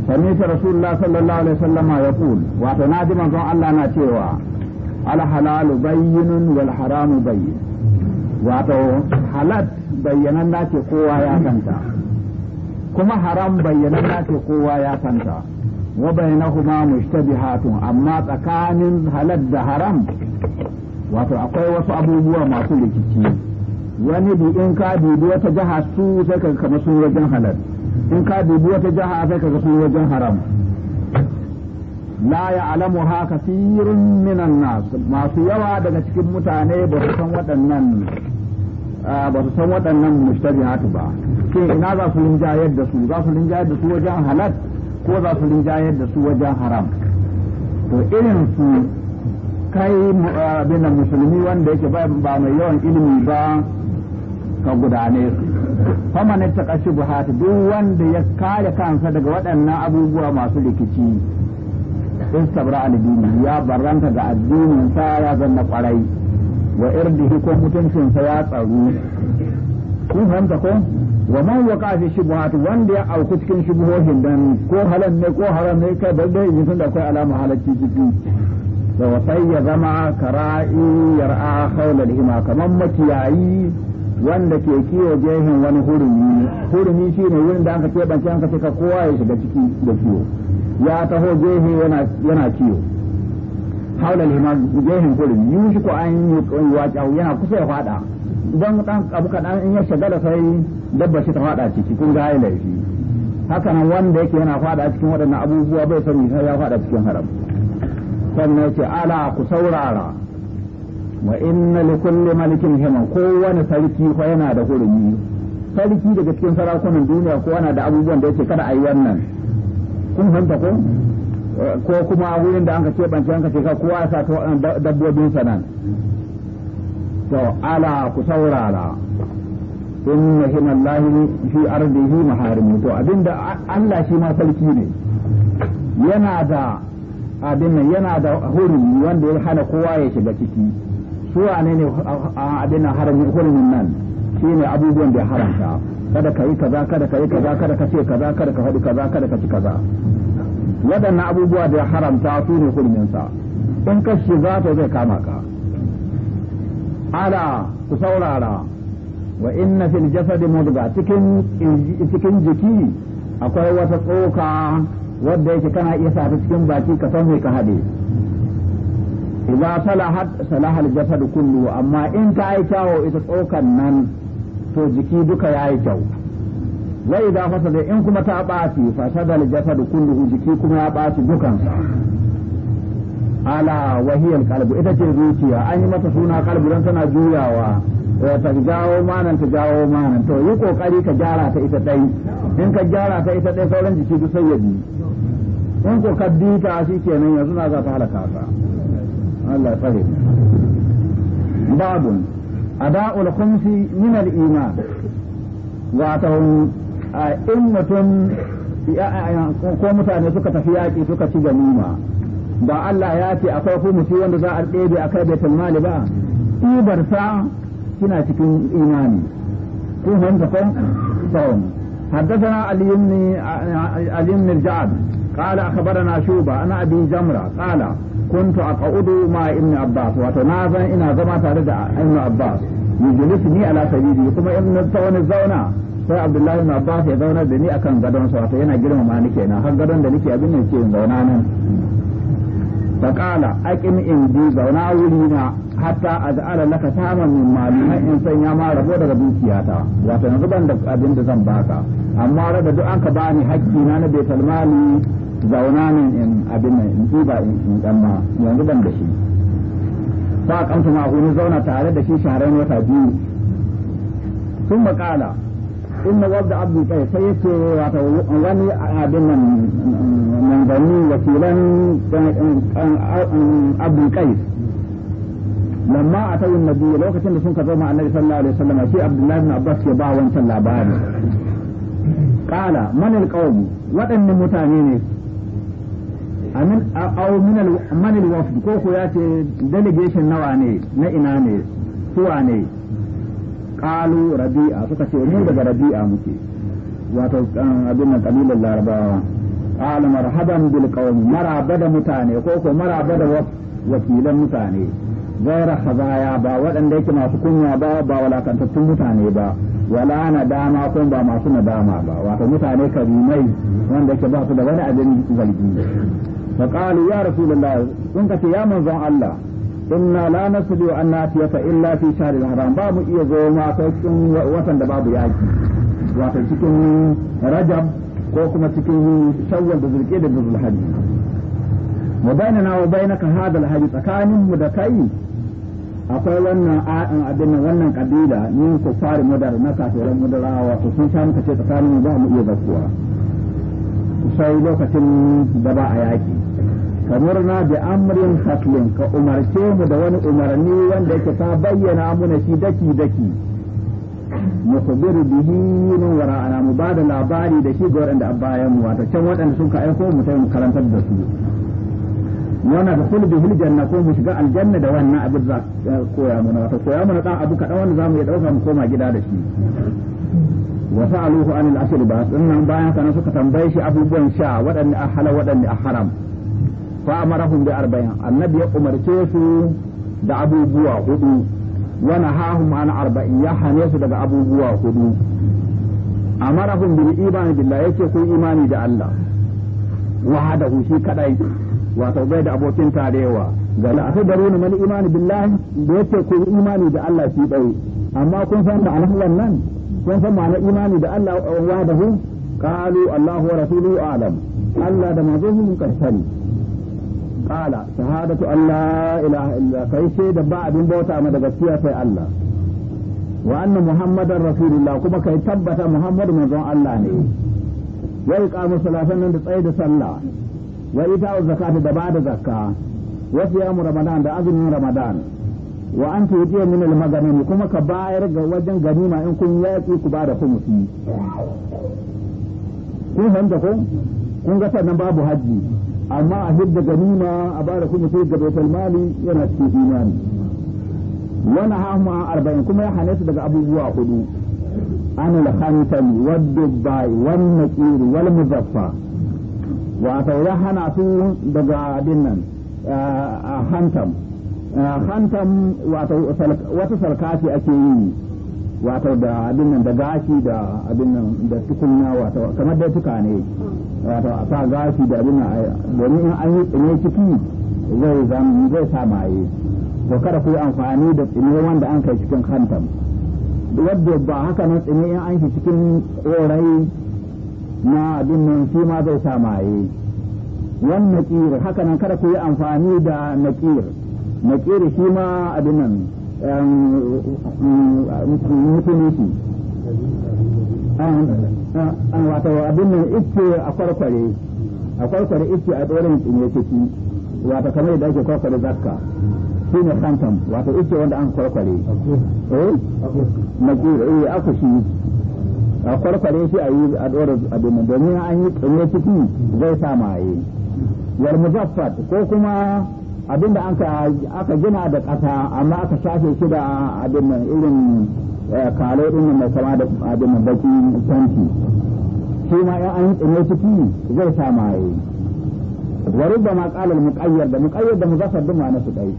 سمعت رسول الله صلى الله عليه وسلم يقول وتنادي من الله ناتيوا الحلال بين والحرام بين wato halat bayyanan na ce kowa ya santa kuma haram bayyanan na ce kowa ya santa wa bainahuma mushtabihatun amma tsakanin halal da haram wato akwai wasu abubuwa masu rikici wani bu in ka dubi wata jaha su sai ka kama sun wajen halal in ka dubi wata jaha sai ka sun wajen haram la alamu ha kasirun minan nas masu yawa daga cikin mutane ba su san waɗannan ba su san waɗannan mushtabihatu ba shin ina za su rinjayar da su za su rinjayar da su wajen halal ko za su rinjayar da su wajen haram to irin su kai abin musulmi wanda yake ba mai yawan ilimi ba ka gudane su faman ta kashi buhati duk wanda ya kare kansa daga waɗannan abubuwa masu rikici istabra al-dini ya baranta ga addinin sa ya zanna kwarai wa irdihi ko mutuncin sa ya tsaru kun fahimta ko wa man waqa fi shubuhat wanda ya auku cikin shubuhohin dan ko halan ne ko haram ne kai bar dai idan da akwai alama halacci ciki da wasai ya zama kara'i yar'a khawla al-hima kaman makiyayi wanda ke kiwo jehin wani hurumi hurumi shi ne wurin da aka keɓance an ka kowa ya shiga ciki da kiwo ya taho jehi yana kiwo haula lima jehin hurumi yi shi ko an yi waƙa yana kusa ya faɗa don ɗan abu kaɗan in ya shagala sai dabba shi ta faɗa ciki kun ga laifi haka nan wanda yake yana faɗa cikin waɗannan abubuwa bai sani sai ya faɗa cikin haram sannan ce ala ku saurara wa inna li kulli malikin himan kowane sarki ko yana da hurumi sarki daga cikin sarakunan duniya ko yana da abubuwan da yake kada a wannan kun fahimta ko ko kuma wurin da anka ce anka ce ka kowa sa ta dabbobin sa nan to ala ku saurara inna himallahi fi ardihi maharimu to abinda Allah shi ma sarki ne yana da abin nan yana da hurumi wanda ya hana kowa ya shiga ciki su wane ne abin haramin nan shi ne abubuwan da haramta kada ka yi kaza kada ka yi kaza kada ka ce kaza kada ka faɗi kaza kada ka ci kaza waɗannan abubuwa da ya haramta su ne huruminsa in ka shiga to zai kama ka ala ku saurara wa inna fil jasadi mudga cikin cikin jiki akwai wata tsoka wadda yake kana iya sa ta cikin baki ka san me ka haɗe idza salahat salahal jasad kullu amma in ta yi kyawo ita tsokan nan to jiki duka yayi kyau wa idza fasada in kuma ta ɓaci fasada al jasad kullu jiki kuma ya ɓaci dukansa ala wahiyar kalbu ita ce zuciya an yi mata suna kalbu don tana juyawa ta jawo manan ta jawo manan to yi kokari ka gyara ta ita dai in ka gyara ta ita dai sauran jiki duka sai ya bi in ko ka shi kenan yanzu na za ta halaka ka Allah a babun ada'ul khumsi min al-iman wato in mutum ko mutane suka tafi yaƙi suka ci ganima ba Allah ya ce akwai humusi wanda za a ɗebe a kai baitul mali ba ibar kina cikin imani kun hanta kon tsawon حدثنا علي بن علي بن الجعد قال أخبرنا شوبة أنا أبي جمرة قال كنت أقعد مع ابن عباس وتنازع إن زما تارد ابن عباس يجلسني على سبيلي ثم ابن الزون الزونة sai Abdullahi ibn Abbas ya zauna da ni akan gadon sa wato yana girma ma nake na har gadon da nake abin nan in zauna nan fa qala aqim indi zauna wuri na hatta az'ala laka tama min mali har in sanya ma rabo daga dukiyata wato yanzu ban da abin da zan baka amma rada duk an ka bani hakki na na baitul mali zauna ne in abin nan in tuba in kalla yanzu ban da shi ba kansu ma huni zauna tare da shi shahararren wata biyu sun makala inna wadda abu kai sai yake wata wani abin nan manzanni wakilan abu kai lamma a tayin nabi lokacin da sun ka zama annabi sallallahu alaihi wasallam shi abdullahi ibn abbas ya ba wancan labari qala man alqawm wadannan mutane ne amin au min al-wafd ko ko ya ce delegation nawa ne na ina ne suwa ne qalu rabi'a suka ce mu daga rabi'a muke wato um, abin nan kabilar larabawa qala marhaban bil qawm maraba da mutane ko ko maraba da wakilan mutane gaira hazaya ba waɗanda yake masu kunya ba ba walakantattun mutane ba wala na dama ko ba masu nadama ba wato mutane karimai wanda yake ba su da wani abin zargi فقالوا يا رسول الله سنك يا منظم الله إنا لا نستطيع أن نأتيك إلا في شهر الحرام باب إيزو ما تشكن وطن باب ياجي وتشكن رجب كوكما تشكن شوال بذلكيد بذل الحج وبيننا وبينك هذا الحج تكانم مدكي akwai wannan abin wannan kabila ni ku fari mudar na kafiran mudarawa to sun sha muka ce tsakanin za mu iya zakuwa sai lokacin da ba a yaki famurna da amrin haslin ka umarce mu da wani umarni wanda yake ta bayyana muna shi daki daki mu mukhbir bihi min wara'ana mu ba da labari da shi ga waɗanda a bayan mu wato can waɗanda ka aiko mu ta mu karantar da su yana da kullu bihi janna ko mu shiga aljanna da wannan abin za koya mana wato koya mana dan abu kaɗan wanda zamu iya ɗauka mu koma gida da shi wa sa'aluhu anil asr ba sannan bayan kana suka tambaye shi abubuwan sha waɗanda a halal waɗanda a haram fa amarahum bi arba'in annabi ya umarce su da abubuwa hudu wa nahahum mana arba'in ya hane daga abubuwa hudu amarahum bil imani billahi yake ku imani da Allah wahadahu shi kadai wato bai da abokin tarewa ga la akhbaruna man imani billahi da yake ku imani da Allah shi dai amma kun san da alhallan nan kun san ma'ana imani da Allah Allah da manzon mun qala shahadatu an la ilaha illa kai shaida ba abin bauta ma da gaskiya sai Allah wa anna muhammadar rasulullah kuma kai tabbata muhammadu manzon Allah ne wa iqamu salatan nan da tsaye da sallah wa ita'u zakata da bada zakka wa siyamu ramadan da azumin ramadan wa an tujiya min al kuma ka bayar ga wajen ganima in kun yaki ku bada kumusi kun handa ko kun ga sannan babu hajji. amma a hidda ganima a bada kuma sai ga baitul mali yana cikin imani wani hama arba'in kuma ya hane su daga abubuwa hudu an al-khantami wa dubai wal naqir wal muzaffa wa ya hana su daga dinnan hantam hantam wata salka ake yi wato da abin nan da gashi da abin nan da tukunna wato kamar da tuka ne wato a sa gashi da abin nan domin in an yi tsine ciki zai zama zai sa maye to kada ku yi amfani da tsine wanda an kai cikin hantam wadda ba haka nan tsine in an shi cikin korai na abin nan shi ma zai sa maye wani naƙir haka nan kada ku yi amfani da naƙir naƙir shi ma abin nan musulunci wato abin nan ice a kwarkware a kwarkware ice a tsoron tsinye ciki wato kamar da ake kwarkware zakka shi ne khantam ice wanda an kwarkware eh a kwarkware shi a yi a tsoron abin nan domin an yi tsinye ciki zai sa maye yar muzaffat ko kuma abinda aka gina da ƙasa amma aka shafe shi da abin nan irin eh, kalo din mai sama da abin nan baki tanki shi ma in an yi tsine ciki zai sa maye wa da ma ƙalar muƙayyar da muƙayyar da muzaffar din ma na su ɗai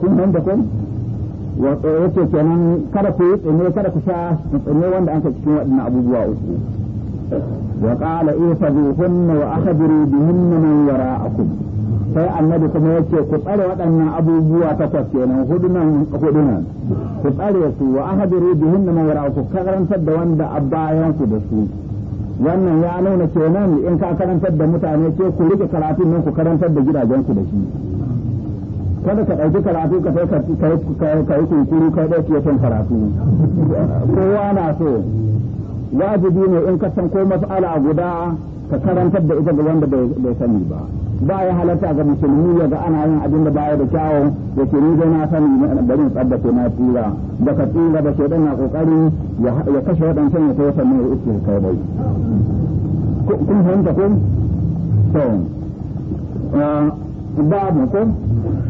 kun san da kun wa eh, yace kenan kada ku yi tsine kada ku sha tsine wanda an ka cikin waɗannan abubuwa uku wa isa zuhunna wa akhbiru wara man wara'akum sai annabi kuma yake ku tsare waɗannan abubuwa takwas kenan hudunan hudunan ku tsare su wa ahadiru bihin da mawara ku karantar da wanda a bayan da su wannan ya nuna kenan in ka karantar da mutane ce ku rike karatun nan ku karantar da gidajen da shi kada ka ɗauki karatu ka sai ka yi kunkuru kai ɗauki ya karatu kowa na so wajibi ne in ka san ko mas'ala guda ka karantar da ita ga wanda bai sani ba ba ya halatta ga musulmi ya ga ana yin abin da baya da kyawu da ke ni zai na sani bari tsabbace na tsira da ka tura da shaidan na kokari ya kashe waɗancan ya kai sannan ya iske kai bai kun fahimta ko to eh, babu ko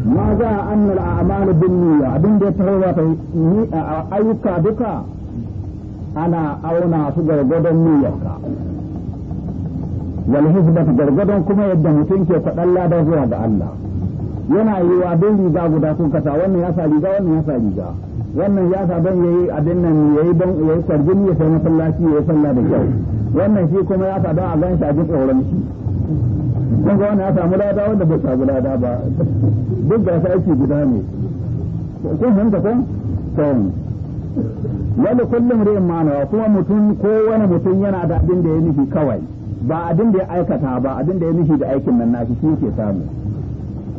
ma za a annal a'malu bin niyya abin da ya tarewa ta ayyuka duka ana auna su gargadon niyyarka wal gargadon kuma yadda mutum ke faɗan lada zuwa ga Allah yana yi wa abin riga guda sun kasa wannan ya sa riga wannan ya sa riga wannan ya sa don yayi abin nan yayi don yayi kwarjini ya sai masallaci ya sallah da kyau wannan shi kuma ya sa don a ganshi a ji tsoron shi kun ga wannan ya samu lada wanda bai samu lada ba duk ga aiki guda ne kun hanta kun to wani kullum ri'in ma'ana kuma mutum ko wani mutum yana da abin da ya nufi kawai ba abin da ya aikata ba abin da ya mishi da aikin nan nashi shi ke samu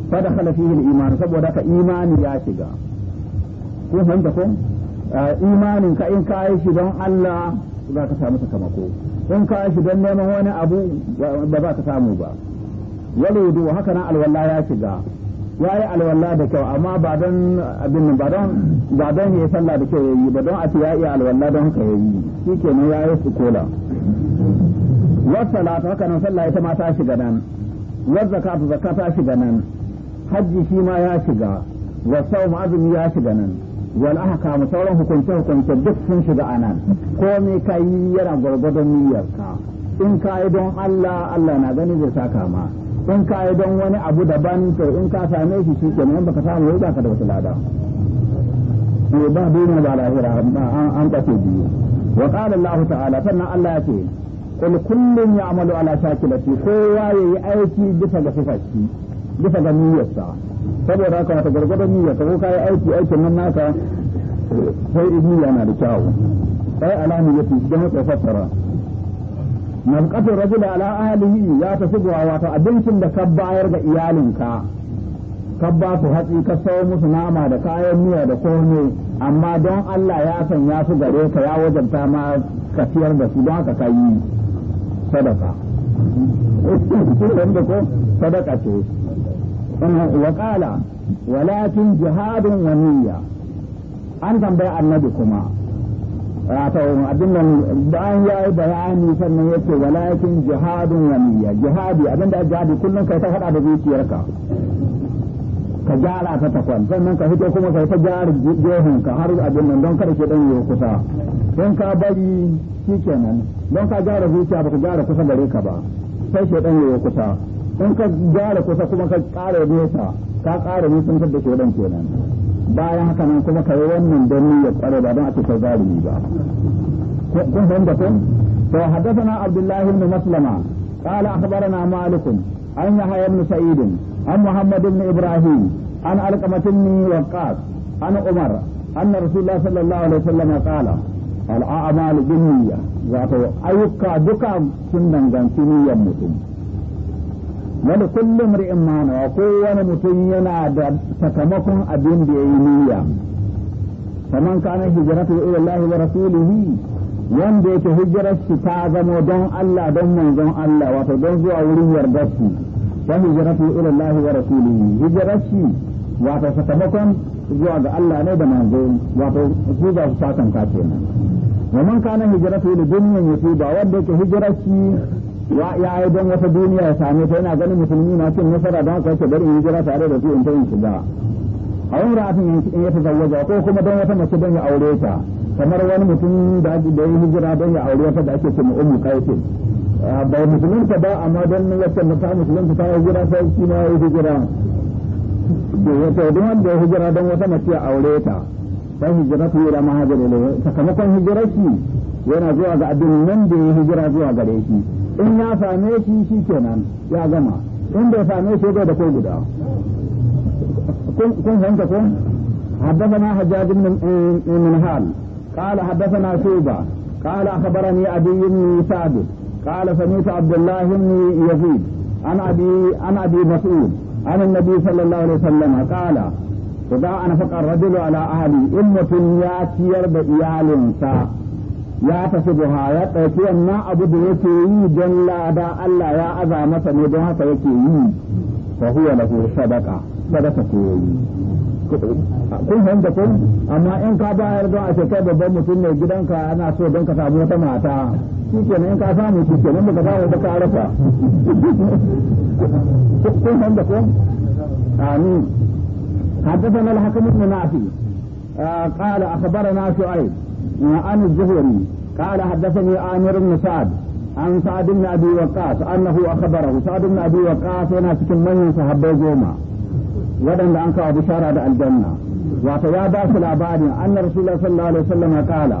fa da khala fihi al saboda ka imani ya shiga ko da eh, ko imanin ka in ka yi shi don Allah za ka samu sakamako in ka yi shi don neman wani abu ba za ka samu ba waludu haka nan alwala ya shiga ya yi alwala da kyau amma ba don abin ba don ba don ya sallah da kyau yayi ba don a ce ya yi alwala don ka yayi shikenan ya yi sukola wasalatu haka nan sallah ita ma ta shiga nan wa zakatu zakka ta shiga nan hajji shi ma ya shiga wa azumi ya shiga nan wal ahkamu sauran hukunce hukunce duk sun shiga a anan komai kai yana gwargwadon niyyarka in ka yi don Allah Allah na gani zai saka ma in ka yi don wani abu daban to in ka same shi shi kenan baka samu ba ka da wata lada ba duniya ba lahira an kace biyu wa qala Allah ta'ala sannan Allah ya ce kul kullum ya amalu ala shakilati kowa ya yi aiki bisa ga sifarki bisa ga niyyarsa saboda haka wata gargadon ka ko ka aiki aikin nan naka sai niyya na da kyau sai alamu ya fi don haka fassara nafqatul rajuli ala ahlihi ya tafi zuwa ta abincin da ka bayar ga iyalinka ka ba su hatsi ka sayo musu nama da kayan miya da kome amma don Allah ya san ya su gare ka ya wajabta ma ka da su don haka ka yi sadaka wanda ko sadaka ce wa qala walakin jihadun wa an tambaya annabi kuma ratawo abin bayan ya yi bayani sannan ya ce walakin jihadun waniya jihadi abin da jihadi kullum kai ta hada da zuciyarka ka gyara ta takwan sannan ka hito kuma kai ta gyara jehun ka har abin nan don kada ke dan yi kusa don ka bari shi kenan don ka gyara zuciya ba ka gyara kusa gare ka ba sai ke dan ya kusa in ka gyara kusa kuma ka ƙara nesa ka ƙara nisantar da shaidan kenan bayan haka nan kuma ka yi wannan don ya tsare ba don a cikin zalimi ba kun san da kun to haddathana abdullahi ibn maslama qala akhbarana malik an yahya ibn sa'id an muhammad ibn ibrahim an alƙamatin ibn waqas an umar anna rasulullah sallallahu alaihi wasallam qala za ta wato ayyuka duka sun danganci niyyar mutum wani kullum ri'in manawa wani mutum yana da sakamakon abin da ya yi niyya kaman kana hijiratu ila Allah wa rasulihi wanda yake hijirar shi ta zama don Allah don manzon Allah wato don zuwa wurin yardar shi ta hijiratu ila Allah wa rasulihi hijirar shi wato sakamakon zuwa ga Allah ne da manzo wato su za su sakan ka kenan wa man kana hijratu li dunyan yusiba wanda yake hijrar shi ya ya ai don wata duniya ya same ta yana ganin musulmi na cin nasara dan haka ce bari hijira tare da su in ta yin shiga a wani ra'atin in ya tazawwaja ko kuma don wata mace don ya aure ta kamar wani mutum da da yi hijira don ya aure wata da ake mu ummu qaisin ah, bai musulunta ba amma don wacce mata musulunta ta hijira sai shi ma ya hijira da wato don wanda ya hijira don wata mace a aure ta ta hijira ta da mahajiri ilai sakamakon shi yana zuwa ga abin nan da ya hijira zuwa gare shi in ya same shi shi kenan ya gama in bai same shi bai da ko guda kun fahimta ko حدثنا حجاج بن منهال قال حدثنا شوبة قال أخبرني أبي بن ثابت قال سمعت عبد الله بن يزيد عن أبي عن أبي مسعود عن النبي صلى الله عليه وسلم قال إذا أنفق الرجل على أهلي إمة ياتير بإيال سا ya tafi buha ya ɗauki wannan abu da yake yi don lada Allah ya aza masa ne don haka yake yi fa huwa lahu sadaqa sadaka ko yi kun san amma in ka bayar don a shekar babban mutum ne gidanka ana so don ka samu wata mata أنا من كذا أنا شيء من أنا كذا من أنا كم من أنا آمين حدثنا أنا بن نافي آه، قال أخبرنا شعيب عن الزهري قال حدثني عامر بن سعد عن سعد بن ابي وقاص انه اخبره سعد بن ابي وقاص انا سكن من صحابه جوما ودن انك ابو شارع الجنه وتوابع في الاباد ان رسول الله صلى الله عليه وسلم قال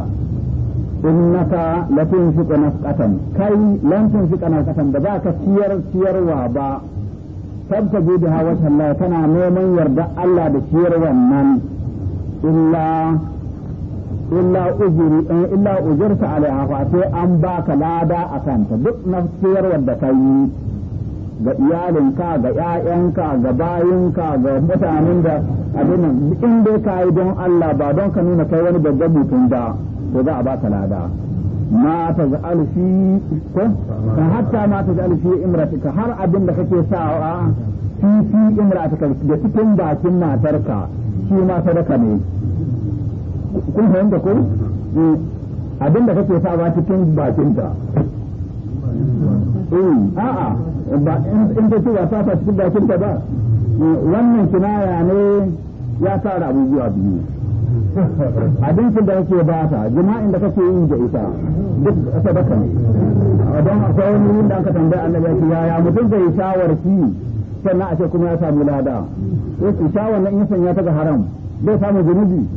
innaka la tunfiqu nafqatan kai lan tunfiqu nafqatan da za ka ciyar ciyarwa ba tabtaji biha wajha Allah kana neman yarda Allah da ciyar wannan illa illa ujri illa ujirta alaiha fa sai an baka lada a kanta duk na ciyarwar da kai ga iyalinka ga ‘ya'yanka ga bayinka ga mutanen da abin in dai ka yi don Allah ba don ka nuna kai wani babban mutum ba to za a baka lada ma ta za'al fi ko ka hatta ma ta za'al fi imratika har abin da kake sawa fi fi imratika da cikin bakin matarka shi ma sadaka ne kun fahimta ko eh, abin da kake sawa cikin bakinta eh, ba in ta ce ba ta ta cikin bakinta ba eh, wannan kinaya ne ya tara abubuwa biyu abincin da ake ba ta jima'in da kake yi da ita duk sadaka ne don akwai wani yin da aka tambaya annabi yake yaya mutum zai shawarci sannan a ce kuma ya samu lada yake shawar na in ya ta ga haram zai samu zunubi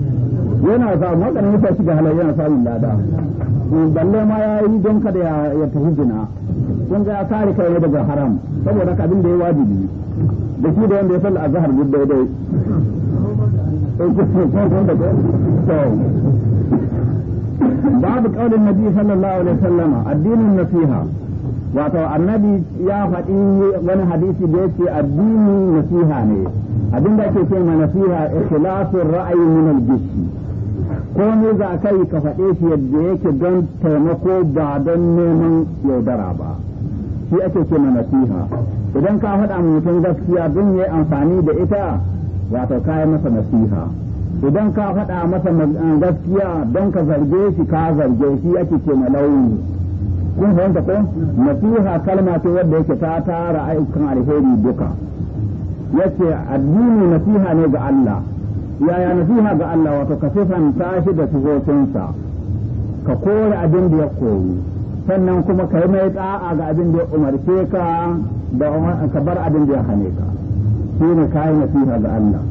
yana samu wadannan mutane ga halayya yana samun lada balle ma ya yi don kada ya tafi jina kun ga ya kare kai ne daga haram saboda kabin da ya wajibi da shi da wanda ya sallar azhar duk daidai babu kaulin nabi sallallahu alaihi wasallam addinin nasiha wato annabi ya faɗi wani hadisi da yake addini nasiha ne abin da ake ce ma nasiha ikhlasu ra'ayi min al ko ne za kai ka faɗe shi yadda yake don taimako ba don neman yaudara ba shi ake ce ma nasiha idan ka faɗa mutum gaskiya don yayi amfani da ita wato kayan masa nasiha idan ka faɗa masa eh, gaskiya don ka zarge shi ka zarge shi ake ce launi kun fahimta ko nasiha kalma ce wadda yake ta tara ayyukan alheri duka yace addini nasiha ne ga Allah yaya nasiha ga Allah wato ka sifanta shi da sa ka kori abin da ya koyi sannan kuma ka yi mai da'a ga abin da ya umarce ka da ka bar abin da ya hane ka shi ne kayi nasiha ga Allah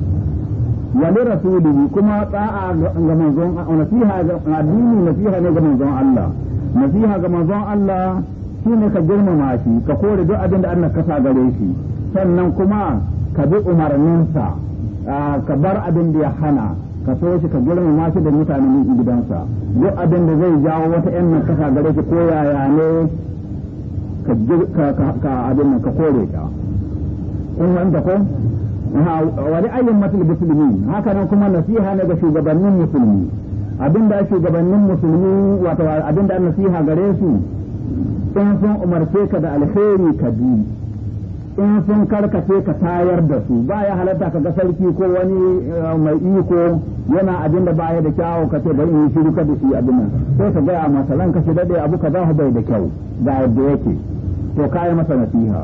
wani rasulihi kuma tsa'a ga manzon nasiha ga addini nasiha ne ga manzon Allah nasiha ga manzon Allah shi ne ka girmama shi ka kore duk abin da Allah sa gare shi sannan kuma ka bi umarninsa ka bar abin da ya hana ka so shi ka girmama shi da mutanen gidansa duk abin da zai jawo wata yan nan kasa gare shi ko yaya ne ka abin nan ka kore ta kun wanda ko wa ra'ayin matul musulmi haka nan kuma nasiha ne ga shugabannin musulmi abinda shugabannin musulmi wato abinda nasiha gare su in sun umarce ka da alheri ka bi in sun karkace ka tayar da su ba ya halatta ka ga sarki ko wani eh, mai iko yana abin da baya da kyawu ka ce bari shiru ka da shi abin nan sai ka gaya masa ranka shi dade abu kaza bai da kyau ga yadda yake to kai masa nasiha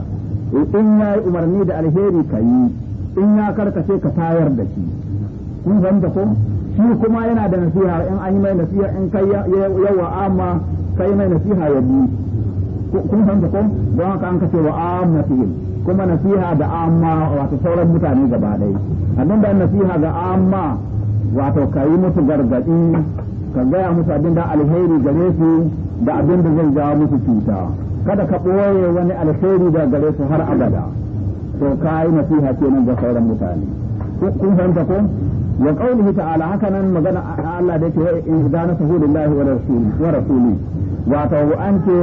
in ya yi umarni da alheri ka yi in ya karkace ka tayar da shi kun san da ko shi kuma yana da nasiha in an yi mai nasiha in kai yawa amma kai mai nasiha ya bi kun san da ko don haka an kace wa ammatihim kuma nasiha da amma wato sauran mutane gaba ɗaya annan da nasiha ga amma wato ka musu gargaɗi ka gaya musu abin da alheri gare su da abin da zai jawo musu cuta kada ka ɓoye wani alheri da gare su har abada to ka yi nasiha kenan ga sauran mutane kun fahimta ko wa qawlihi ta'ala haka nan magana Allah da yake wa idana sahulillahi wa rasuli wa rasuli ah, wa ta'u anke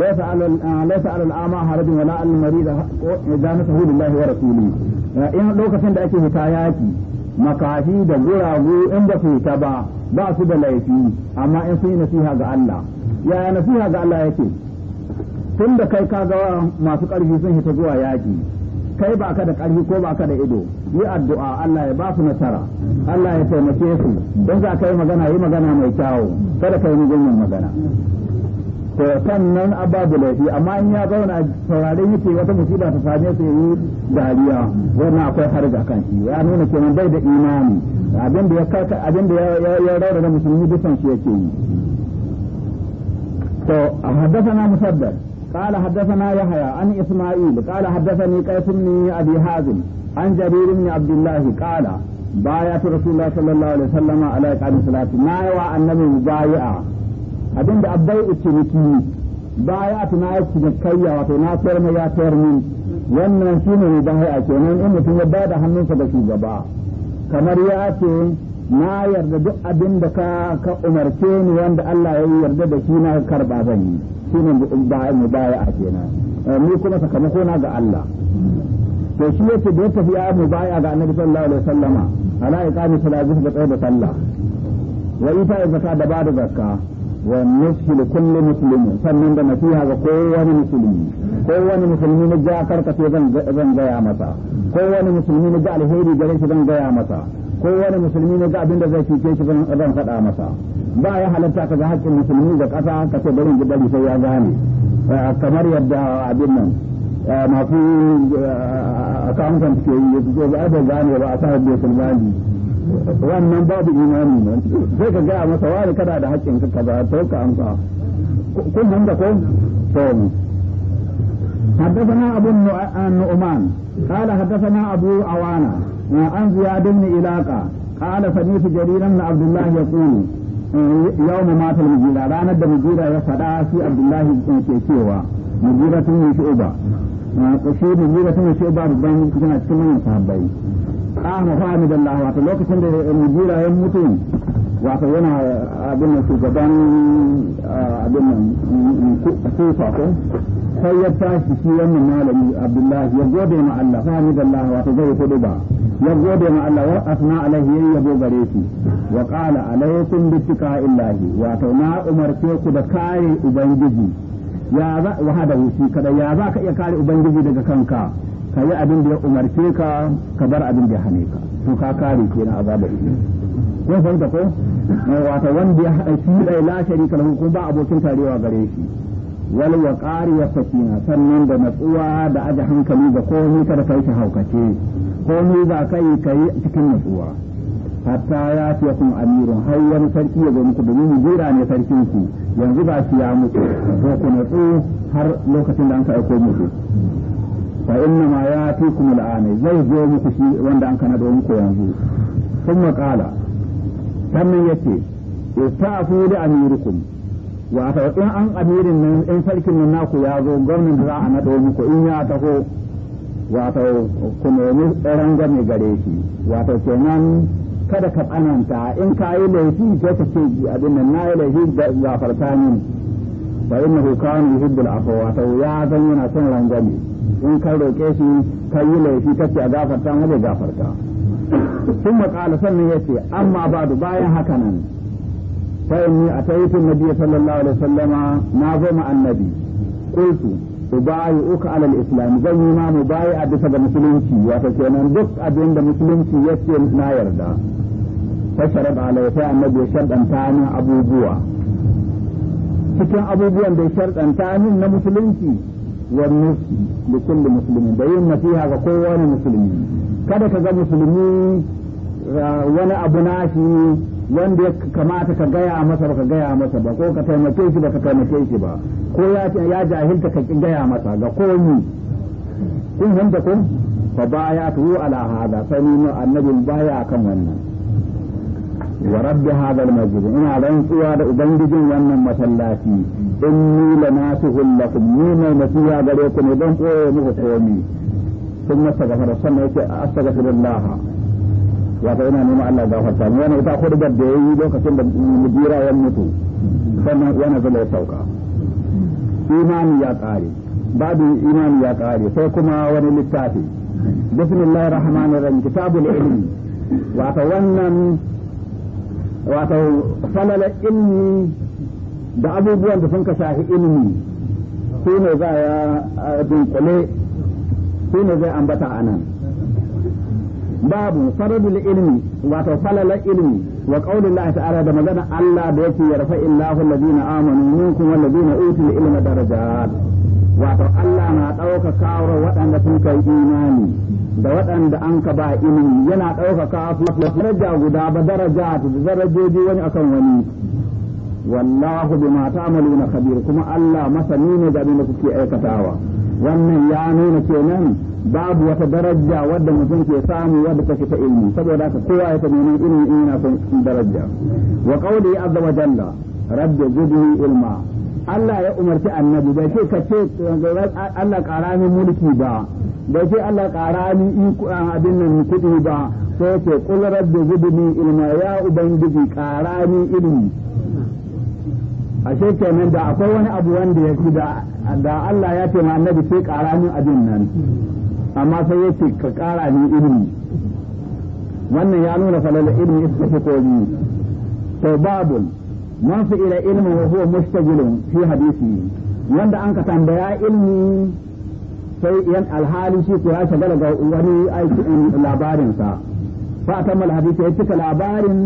laysa 'ala laysa al-ama harajun wala al-marid idana sahulillahi wa rasuli in lokacin da ake fita yaki makafi da guragu in ba su ta ba ba su da laifi amma in sun yi nasiha ga Allah yaya nasiha ga Allah yake tun da kai ka ga masu ƙarfi sun hita zuwa yaƙi kai ba ka da ƙarfi ko ba ka da ido yi addu'a Allah ya ba su nasara Allah ya taimake su don za ka yi magana yi magana mai kyawu kada ka yi mugunyan magana to sannan ababu laifi amma in ya zauna saurare yake wata musiba ta same su yi dariya wannan akwai harga kan shi ya nuna kenan bai da imani abin da ya kaka abin da ya musulmi bisan shi yake yi to a haddasa na musaddad قال حدثنا يحيى عن إسماعيل قال حدثني قيس بن أبي حازم عن جرير بن عبد الله قال بايعت رسول الله صلى الله عليه وسلم على إقام الصلاة ما يوى النبي مبايعة abin da abbai ciniki baya na yi cinikayya wato na sayar mai ya sayar min wannan shi ne mubaya kenan in mutum ya bada hannunsa da shugaba kamar ya ce na yarda duk abin da ka ka umarce ni wanda Allah ya yarda da shi na karba zan yi shine ba mu baya a kenan eh, ni kuma sakamako na ga Allah to shi yake da tafiya ya mu baya ga Annabi sallallahu alaihi wasallama ala iqami salati ga tsaya da sallah wa ita zakka da ba da zakka wa nusul kullu muslimin sannan da nasiha ga kowani musulmi kowane musulmi na ja karkace zan gaya masa kowane musulmi na ga alheri gare shi zan gaya masa kowane musulmi na ga abin da zai cuce shi zan faɗa masa ba ya halatta ka ga haƙƙin musulmi da ƙasa ka ce barin ji bari sai ya gane eh, kamar yadda abin nan eh, masu eh, akawuntan ke yi ba da gane ba a sa da sulmani wannan babu imani ne sai ka gaya masa wani kada da haƙƙin ka kaza to ka amsa kun hanga ko to حدثنا أبو النعمان قال حدثنا أبو عوانة عن زياد بن إلاقة قال سمعت جرير بن عبد الله يقول يوم مات المجيرة رانا دا مجيرة يفدا في عبد الله كيكيوا مجيرة من شعبة قشي مجيرة من شعبة ربما كنا تكلمين صحابي قام فامد الله وعطا لوكسن مجيرة يموتون wato yana eh, abin da shugaban eh, abin nan mm, mm, kufa ko sai ya tashi shi wannan malami abdullahi ya gode ma Allah fa ni da Allah wato zai kudu ba ya gode ma Allah wa asna alaihi ya yabo gare shi wa qala alaikum bi illahi wato na umarce ku da kare ubangiji ya za wahada wuci kada ya za ka iya kare ubangiji daga kanka ka yi abin da ya umarce ka ka bar abin da ya hane ka to ka kare kenan azabar kun fahimta ko wata wanda ya haɗa shi ɗai lashari sharika kuma ba abokin tarewa gare shi wal ya wa sakina sannan da natsuwa da aje hankali ga komai kada kai haukace komai ba kai kai cikin natsuwa hatta ya fi kun amirun har wani sarki ya zo muku domin jira ne sarkin ku yanzu ba shi ya mutu ko ku natsu har lokacin da an ka aiko muku fa inna ma ya fi kuma al'ana zai zo muku shi wanda an ka nado muku yanzu kuma kala. sannan yace istafu li amirikum ta in an amirin nan in sarkin nan naku ya zo gwamnan da za a naɗo muku in ya taho kuma ni ranga mai gare shi wato kenan kada ka tsananta in ka yi laifi ko ka ce abin nan na yi laifi da gafarta min fa innahu kana yuhibbul afwa ta ya zan yana son rangwame in ka roƙe shi ka yi laifi kace a gafarta mu da gafarta sun maƙala sannan ya ce amma ba da bayan haka nan fa'in ni a taifin nabi sallallahu alaihi sallama na zama annabi annabi kultu bayi uku alal islam zan yi ma mu bayi a bisa ga musulunci wata kenan duk abin da musulunci ya ce na yarda ta sharaba alai sai annabi ya shaɗanta min abubuwa cikin abubuwan da ya shaɗanta min na musulunci wa nusi da kulli da yin nasiha ga kowane musulmi kada ka ga musulmi eh, wani abu nashi wanda ya kamata ka gaya masa ba ka gaya masa ba ko ka taimake shi ba ka taimake shi ba ko ya ya jahilta ka ki gaya masa ga komi kun hanta kun fa baya tu ala hada sai annabi ba baya kan wannan wa rabbi hadha almasjid ina rantsuwa da ubangijin wannan masallaci inni lanasuhu lakum ni mai nasiha gare ku ne don koyo muku komi ثم استغفر ثم استغفر الله wato Allah ita da lokacin da mujira ya mutu sannan yana zalla ya sauka imani ya babu imani ya sai kuma wani littafi bismillahir rahmanir rahim kitabul ilmi wato wannan wato falala ilmi da abubuwan da sun ka shafi ilmi su za a dunkule su ne zai ambata a nan babu faradul ilmi wato falala ilmi wa qaulillah ta'ala da magana Allah da yake yarfa illahu alladhina amanu minkum walladhina utul ilma darajat wato Allah na dauka kawo waɗanda sun kai imani da waɗanda an ka ba ilimi yana ɗaukaka su daraja guda ba daraja da darajoji wani akan wani wallahu bima ta'maluna khabir kuma Allah masani ne ga da kuke aikatawa wannan ya nuna kenan babu wata daraja wadda mutum ke samu wadda take ta ilmi saboda haka kowa ya tabi ne ilmi in yana daraja wa qawli azza wa jalla rabbi zidni ilma Allah ya umarci annabi bai ce ka ce Allah ƙara ni mulki ba bai ce Allah ƙara ni abin nan kuɗi ba sai ce kul rabbi zidni ilma ya ubangiji ƙara ni ilmi ashe kenan da akwai wani abu wanda ya fi da Allah ya ce ma annabi sai ƙara min abin nan amma sai ya ce ka ƙara min ilimi wannan ya nuna falala ilimi ita take koyi to babul man fi ila ilmi wa huwa mustajilun fi hadisi wanda an ka tambaya ilmi sai yan alhali shi ko ya shagala ga wani aikin labarinsa fa ta mal ya cika labarin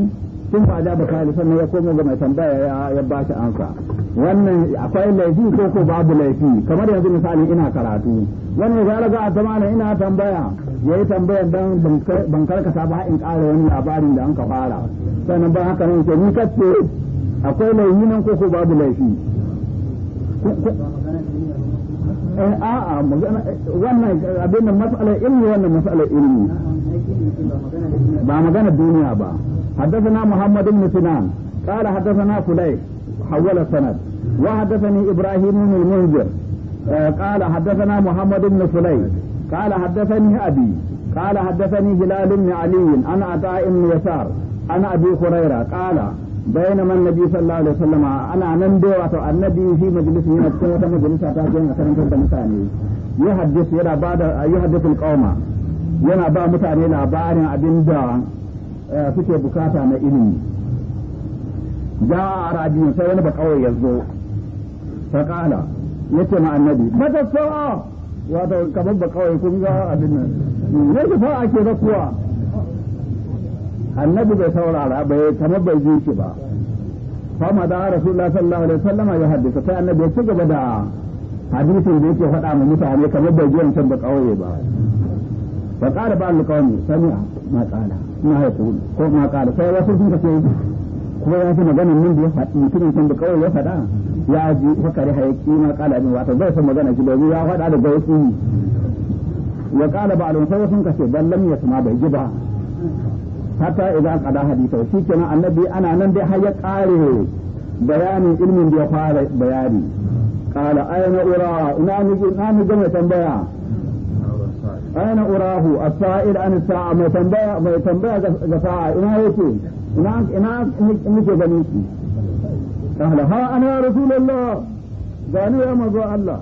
sun ba da da sannan ya komo ga mai tambaya ya ba shi ansa wannan akwai laifi ko ko babu laifi kamar yanzu misali ina karatu wannan ya raga a zamanin ina tambaya ya yi tambaya dan bankar karkata ba in kara wani labarin da an ka fara sannan ba haka nan ke ni kacce akwai laifi nan ko ko babu laifi eh, a'a eh, wannan abin nan matsalar ilmi wannan matsalar ilmi ba magana duniya ba حدثنا محمد بن سنان قال حدثنا فليح حول السند وحدثني ابراهيم بن المنذر آه، قال حدثنا محمد بن فليح قال حدثني ابي قال حدثني هلال بن علي عن عطاء بن يسار عن ابي هريره قال بينما النبي صلى الله عليه وسلم انا نندو النبي في مجلس من السنه مجلس تاجين كرمت المساني يحدث يلا بعد يحدث القوم yana ba mutane labarin abin da eh, suke bukata na ilimi ja a arabiyun sai wani bakawai ya zo kala ya ce ma annabi sa'a wato kamar bakawai kun ga abin nan ya ce fa'a ake da kuwa annabi bai saurara bai kamar bai ji shi ba fama da rasulullah sallallahu alaihi wasallama ya haddasa sai annabi ya ci gaba da hadisin da yake faɗa ma mutane kamar bai ji wancan bakawai ba fa qala ba'd al-qawmi sami'a ma qala ma yaqul ko ma qala sai wasu sun kace ya ji magana nan da ya faɗi mutumin kan da kawai ya faɗa ya ji fakari hayaki ma qala bin wato bai magana shi ya faɗa da gausi wa qala ba'd sai wasu sun kace ban lam yasma bai ji ba hatta idan qada hadisa shi kenan annabi ana nan dai har ya kare bayanin ilmin da ya fara bayani qala ayna ura ina ni ina gama tambaya أين أراه السائل عن الساعة ما تنبأ ما تنبأ جساعة إنا يكي إنا إنا نكي جنيكي قال ها أنا رسول الله قال يا مزوى الله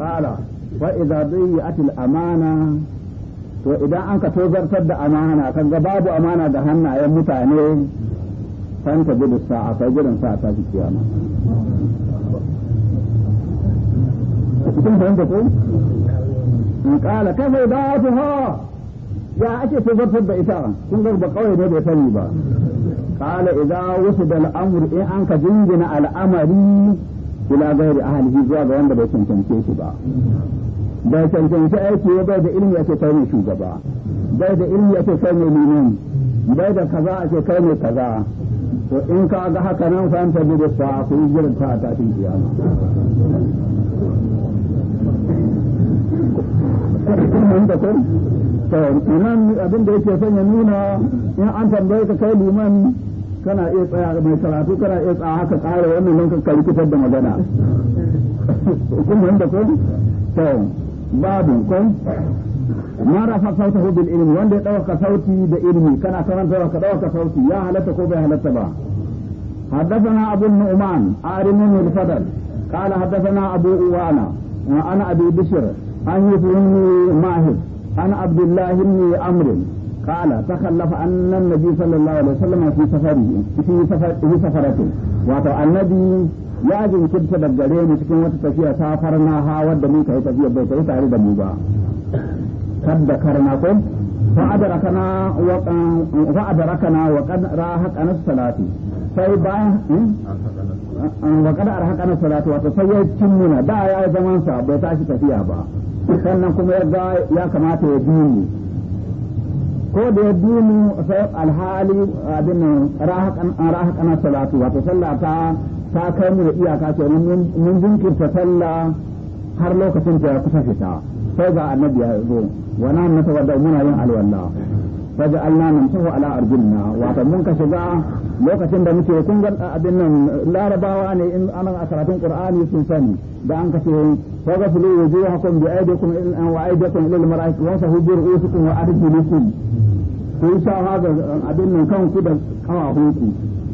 قال فإذا ضيعت الأمانة to idan an ka tozartar da amana kan ga babu amana da hannayen mutane kan ta gudu sa'a kai gudun sa'a ta fi kiyama cikin fahimta ko قال كيف يضاعفها يا أكي da ita كن غرب قوي ده بيسني با قال إذا وصد da إيه in جنجنا الأمر إلى غير أهله زوا غير ده zuwa ga با bai cancanci aiki ya bai da ilmi ake kai ne shugaba bai da ilmi ake kai ne limin bai da kaza ake kai ne kaza to in ka ga haka nan fahimta da sa ku yi jiran ta a tashin kiyama mun da kai to imam abin da yake son ya nuna in an tambaye ka kai liman kana iya tsaya mai karatu kana iya tsaya haka tsara wannan nan ka rikitar da magana kun mun da kai to babu kun mara fa sautahu bil ilmi wanda ya dauka sauti da ilmi kana karanta ka dauka sauti ya halatta ko bai halatta ba حدثنا أبو النعمان عارم الفضل قال حدثنا أبو أوانا وأنا أبي بشر عن yi بن ماهر عن عبد الله بن عمرو قال تخلف أن النبي صلى الله عليه وسلم في سفر في سفر في سفرة وأتى النبي ya jinkirta daga cikin wata tafiya ta farna ha wadda mun kai tafiya bai kai tare da mu ba kadda karna ko fa adarakana wa na sai ba wa qad na salatu wato sai ya cimmuna da ya zaman sa bai tashi tafiya ba sannan kuma yadda ya kamata ya dini ko da ya dini sai alhali abin rahakan salatu wato sallah ta ta kai mu da iyaka ce mun jinkirta sallah har lokacin da kusa fita sai ga annabi ya zo wa na natawadda muna yin alwala faja'alna min namsahu ala arjulna wato mun ka shiga lokacin da muke kun ga abin nan larabawa ne in ana a karatun qur'ani sun sani da an kace fa ghasulu wujuhakum bi in an wa aydikum ilal maraik wa sa bi ru'usikum wa arjulukum ku sha haka abin nan kan ku da kawahunku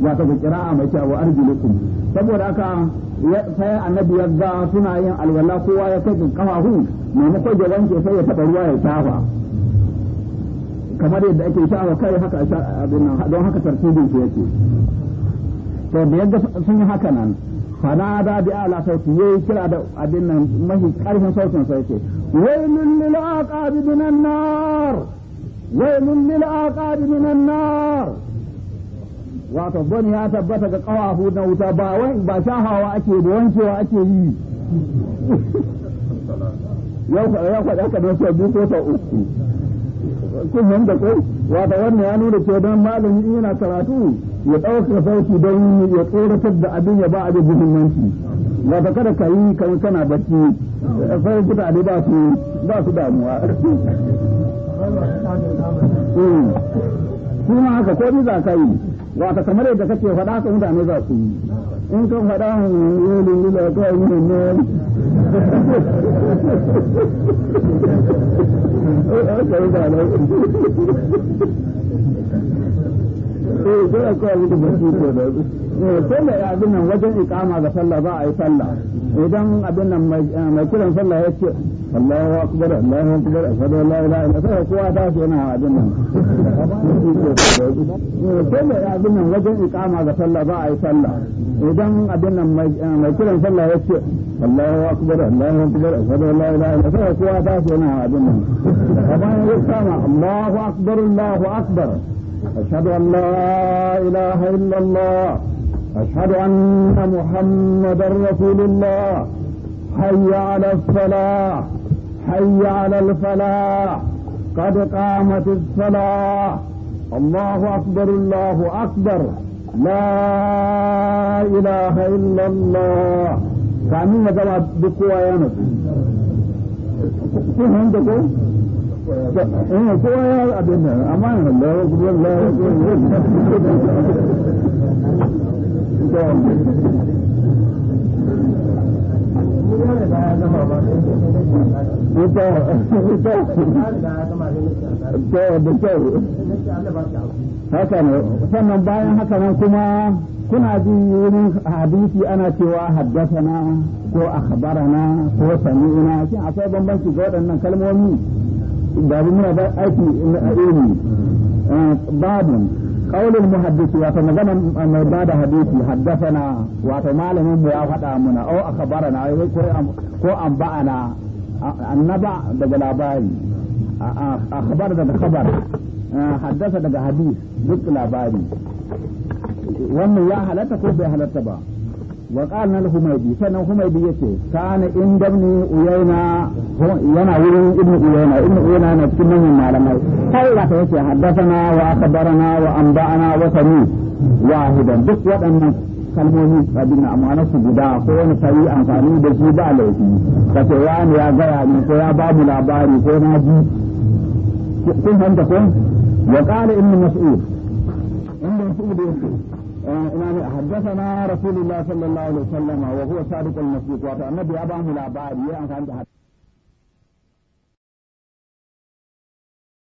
wa ta qira'a mai cewa wa arjulukum saboda aka ya sai annabi ya ga suna yin alwala kowa ya kai kafahu maimakon ya wanke sai ya taɓa ruwa ya tafa. kamar yadda ake wa kai haka abin don haka tartibin shi yake to da yadda sun yi haka nan fana da bi ala sauti yayi kira da abin nan mahi karfin sautin sa yake wailul lil aqabi minan nar wailul lil aqabi minan nar wato bani ya tabbata ga kawafu na wuta ba wai ba shahawa ake da wankewa ake yi yau ka yau ka da ka ka da biyu ko ka uku kun kai ko wata wannan ya nuna ce don malami in yana karatu ya ɗauka sauki don ya tsoratar da abin ya ba abin muhimmanci wata kada ka yi kan kana bacci sai kuta ne ba su ba su damuwa hmm. kuma haka ko ni za ka yi wata kamar yadda kake faɗa ka mutane za su yi उनको हराऊं ये लीली लौटा ही नहीं सही बात है eh sai a kawai da ke da sai da abin nan wajen ikama ga sallah ba a yi sallah idan abin nan eh, mai kiran sallah ya ce Allahu akbar Allahu akbar ashhadu an la ilaha illa Allah kowa ta ce yana abin nan eh, sai da abin nan wajen ikama ga sallah ba a yi sallah idan abin nan eh, mai kiran sallah ya ce Allahu akbar Allahu akbar ashhadu an la ilaha illa Allah kowa ta ce yana abin nan amma ya kama Allahu akbar Allahu akbar أشهد أن لا إله إلا الله أشهد أن محمدا رسول الله حي على الصلاة حي على الفلاح قد قامت الصلاة الله أكبر الله أكبر لا إله إلا الله كان مجمع بقوة يا نبي eh sannan bayan haka nan kuma kuna ji wurin hadisi ana cewa haddasana ko akhbarana ko sami'ina shin akwai bambanci ga waɗannan kalmomi ba muna ba aiki na ilimi babu kaulin muhaddisi wato magana mai ba da haddasa na wato malamin mu ya faɗa muna au akabarana ko an ba'a na na ba daga labari a akhbar daga khabar haddasa daga hadis duk labari wannan ya halatta ko bai halatta ba wa qala al-humaydi sannan humaydi yace kana inda ibn yana wurin ibn uyayna ibn uyayna na cikin manyan malamai sai da yace haddathana wa akhbarana wa anba'ana wa sami wahidan duk waɗannan kalmomi abin na amana su guda ko wani sai amfani da su ba laifi kace wani ya gaya ni ko ya ba mu labari ko na ji kun hanta ko wa qala ibn mas'ud inda da yace إمام حدثنا رسول الله صلى الله عليه وسلم وهو سابق المسجد وأتى النبي أبا ملاباري أنت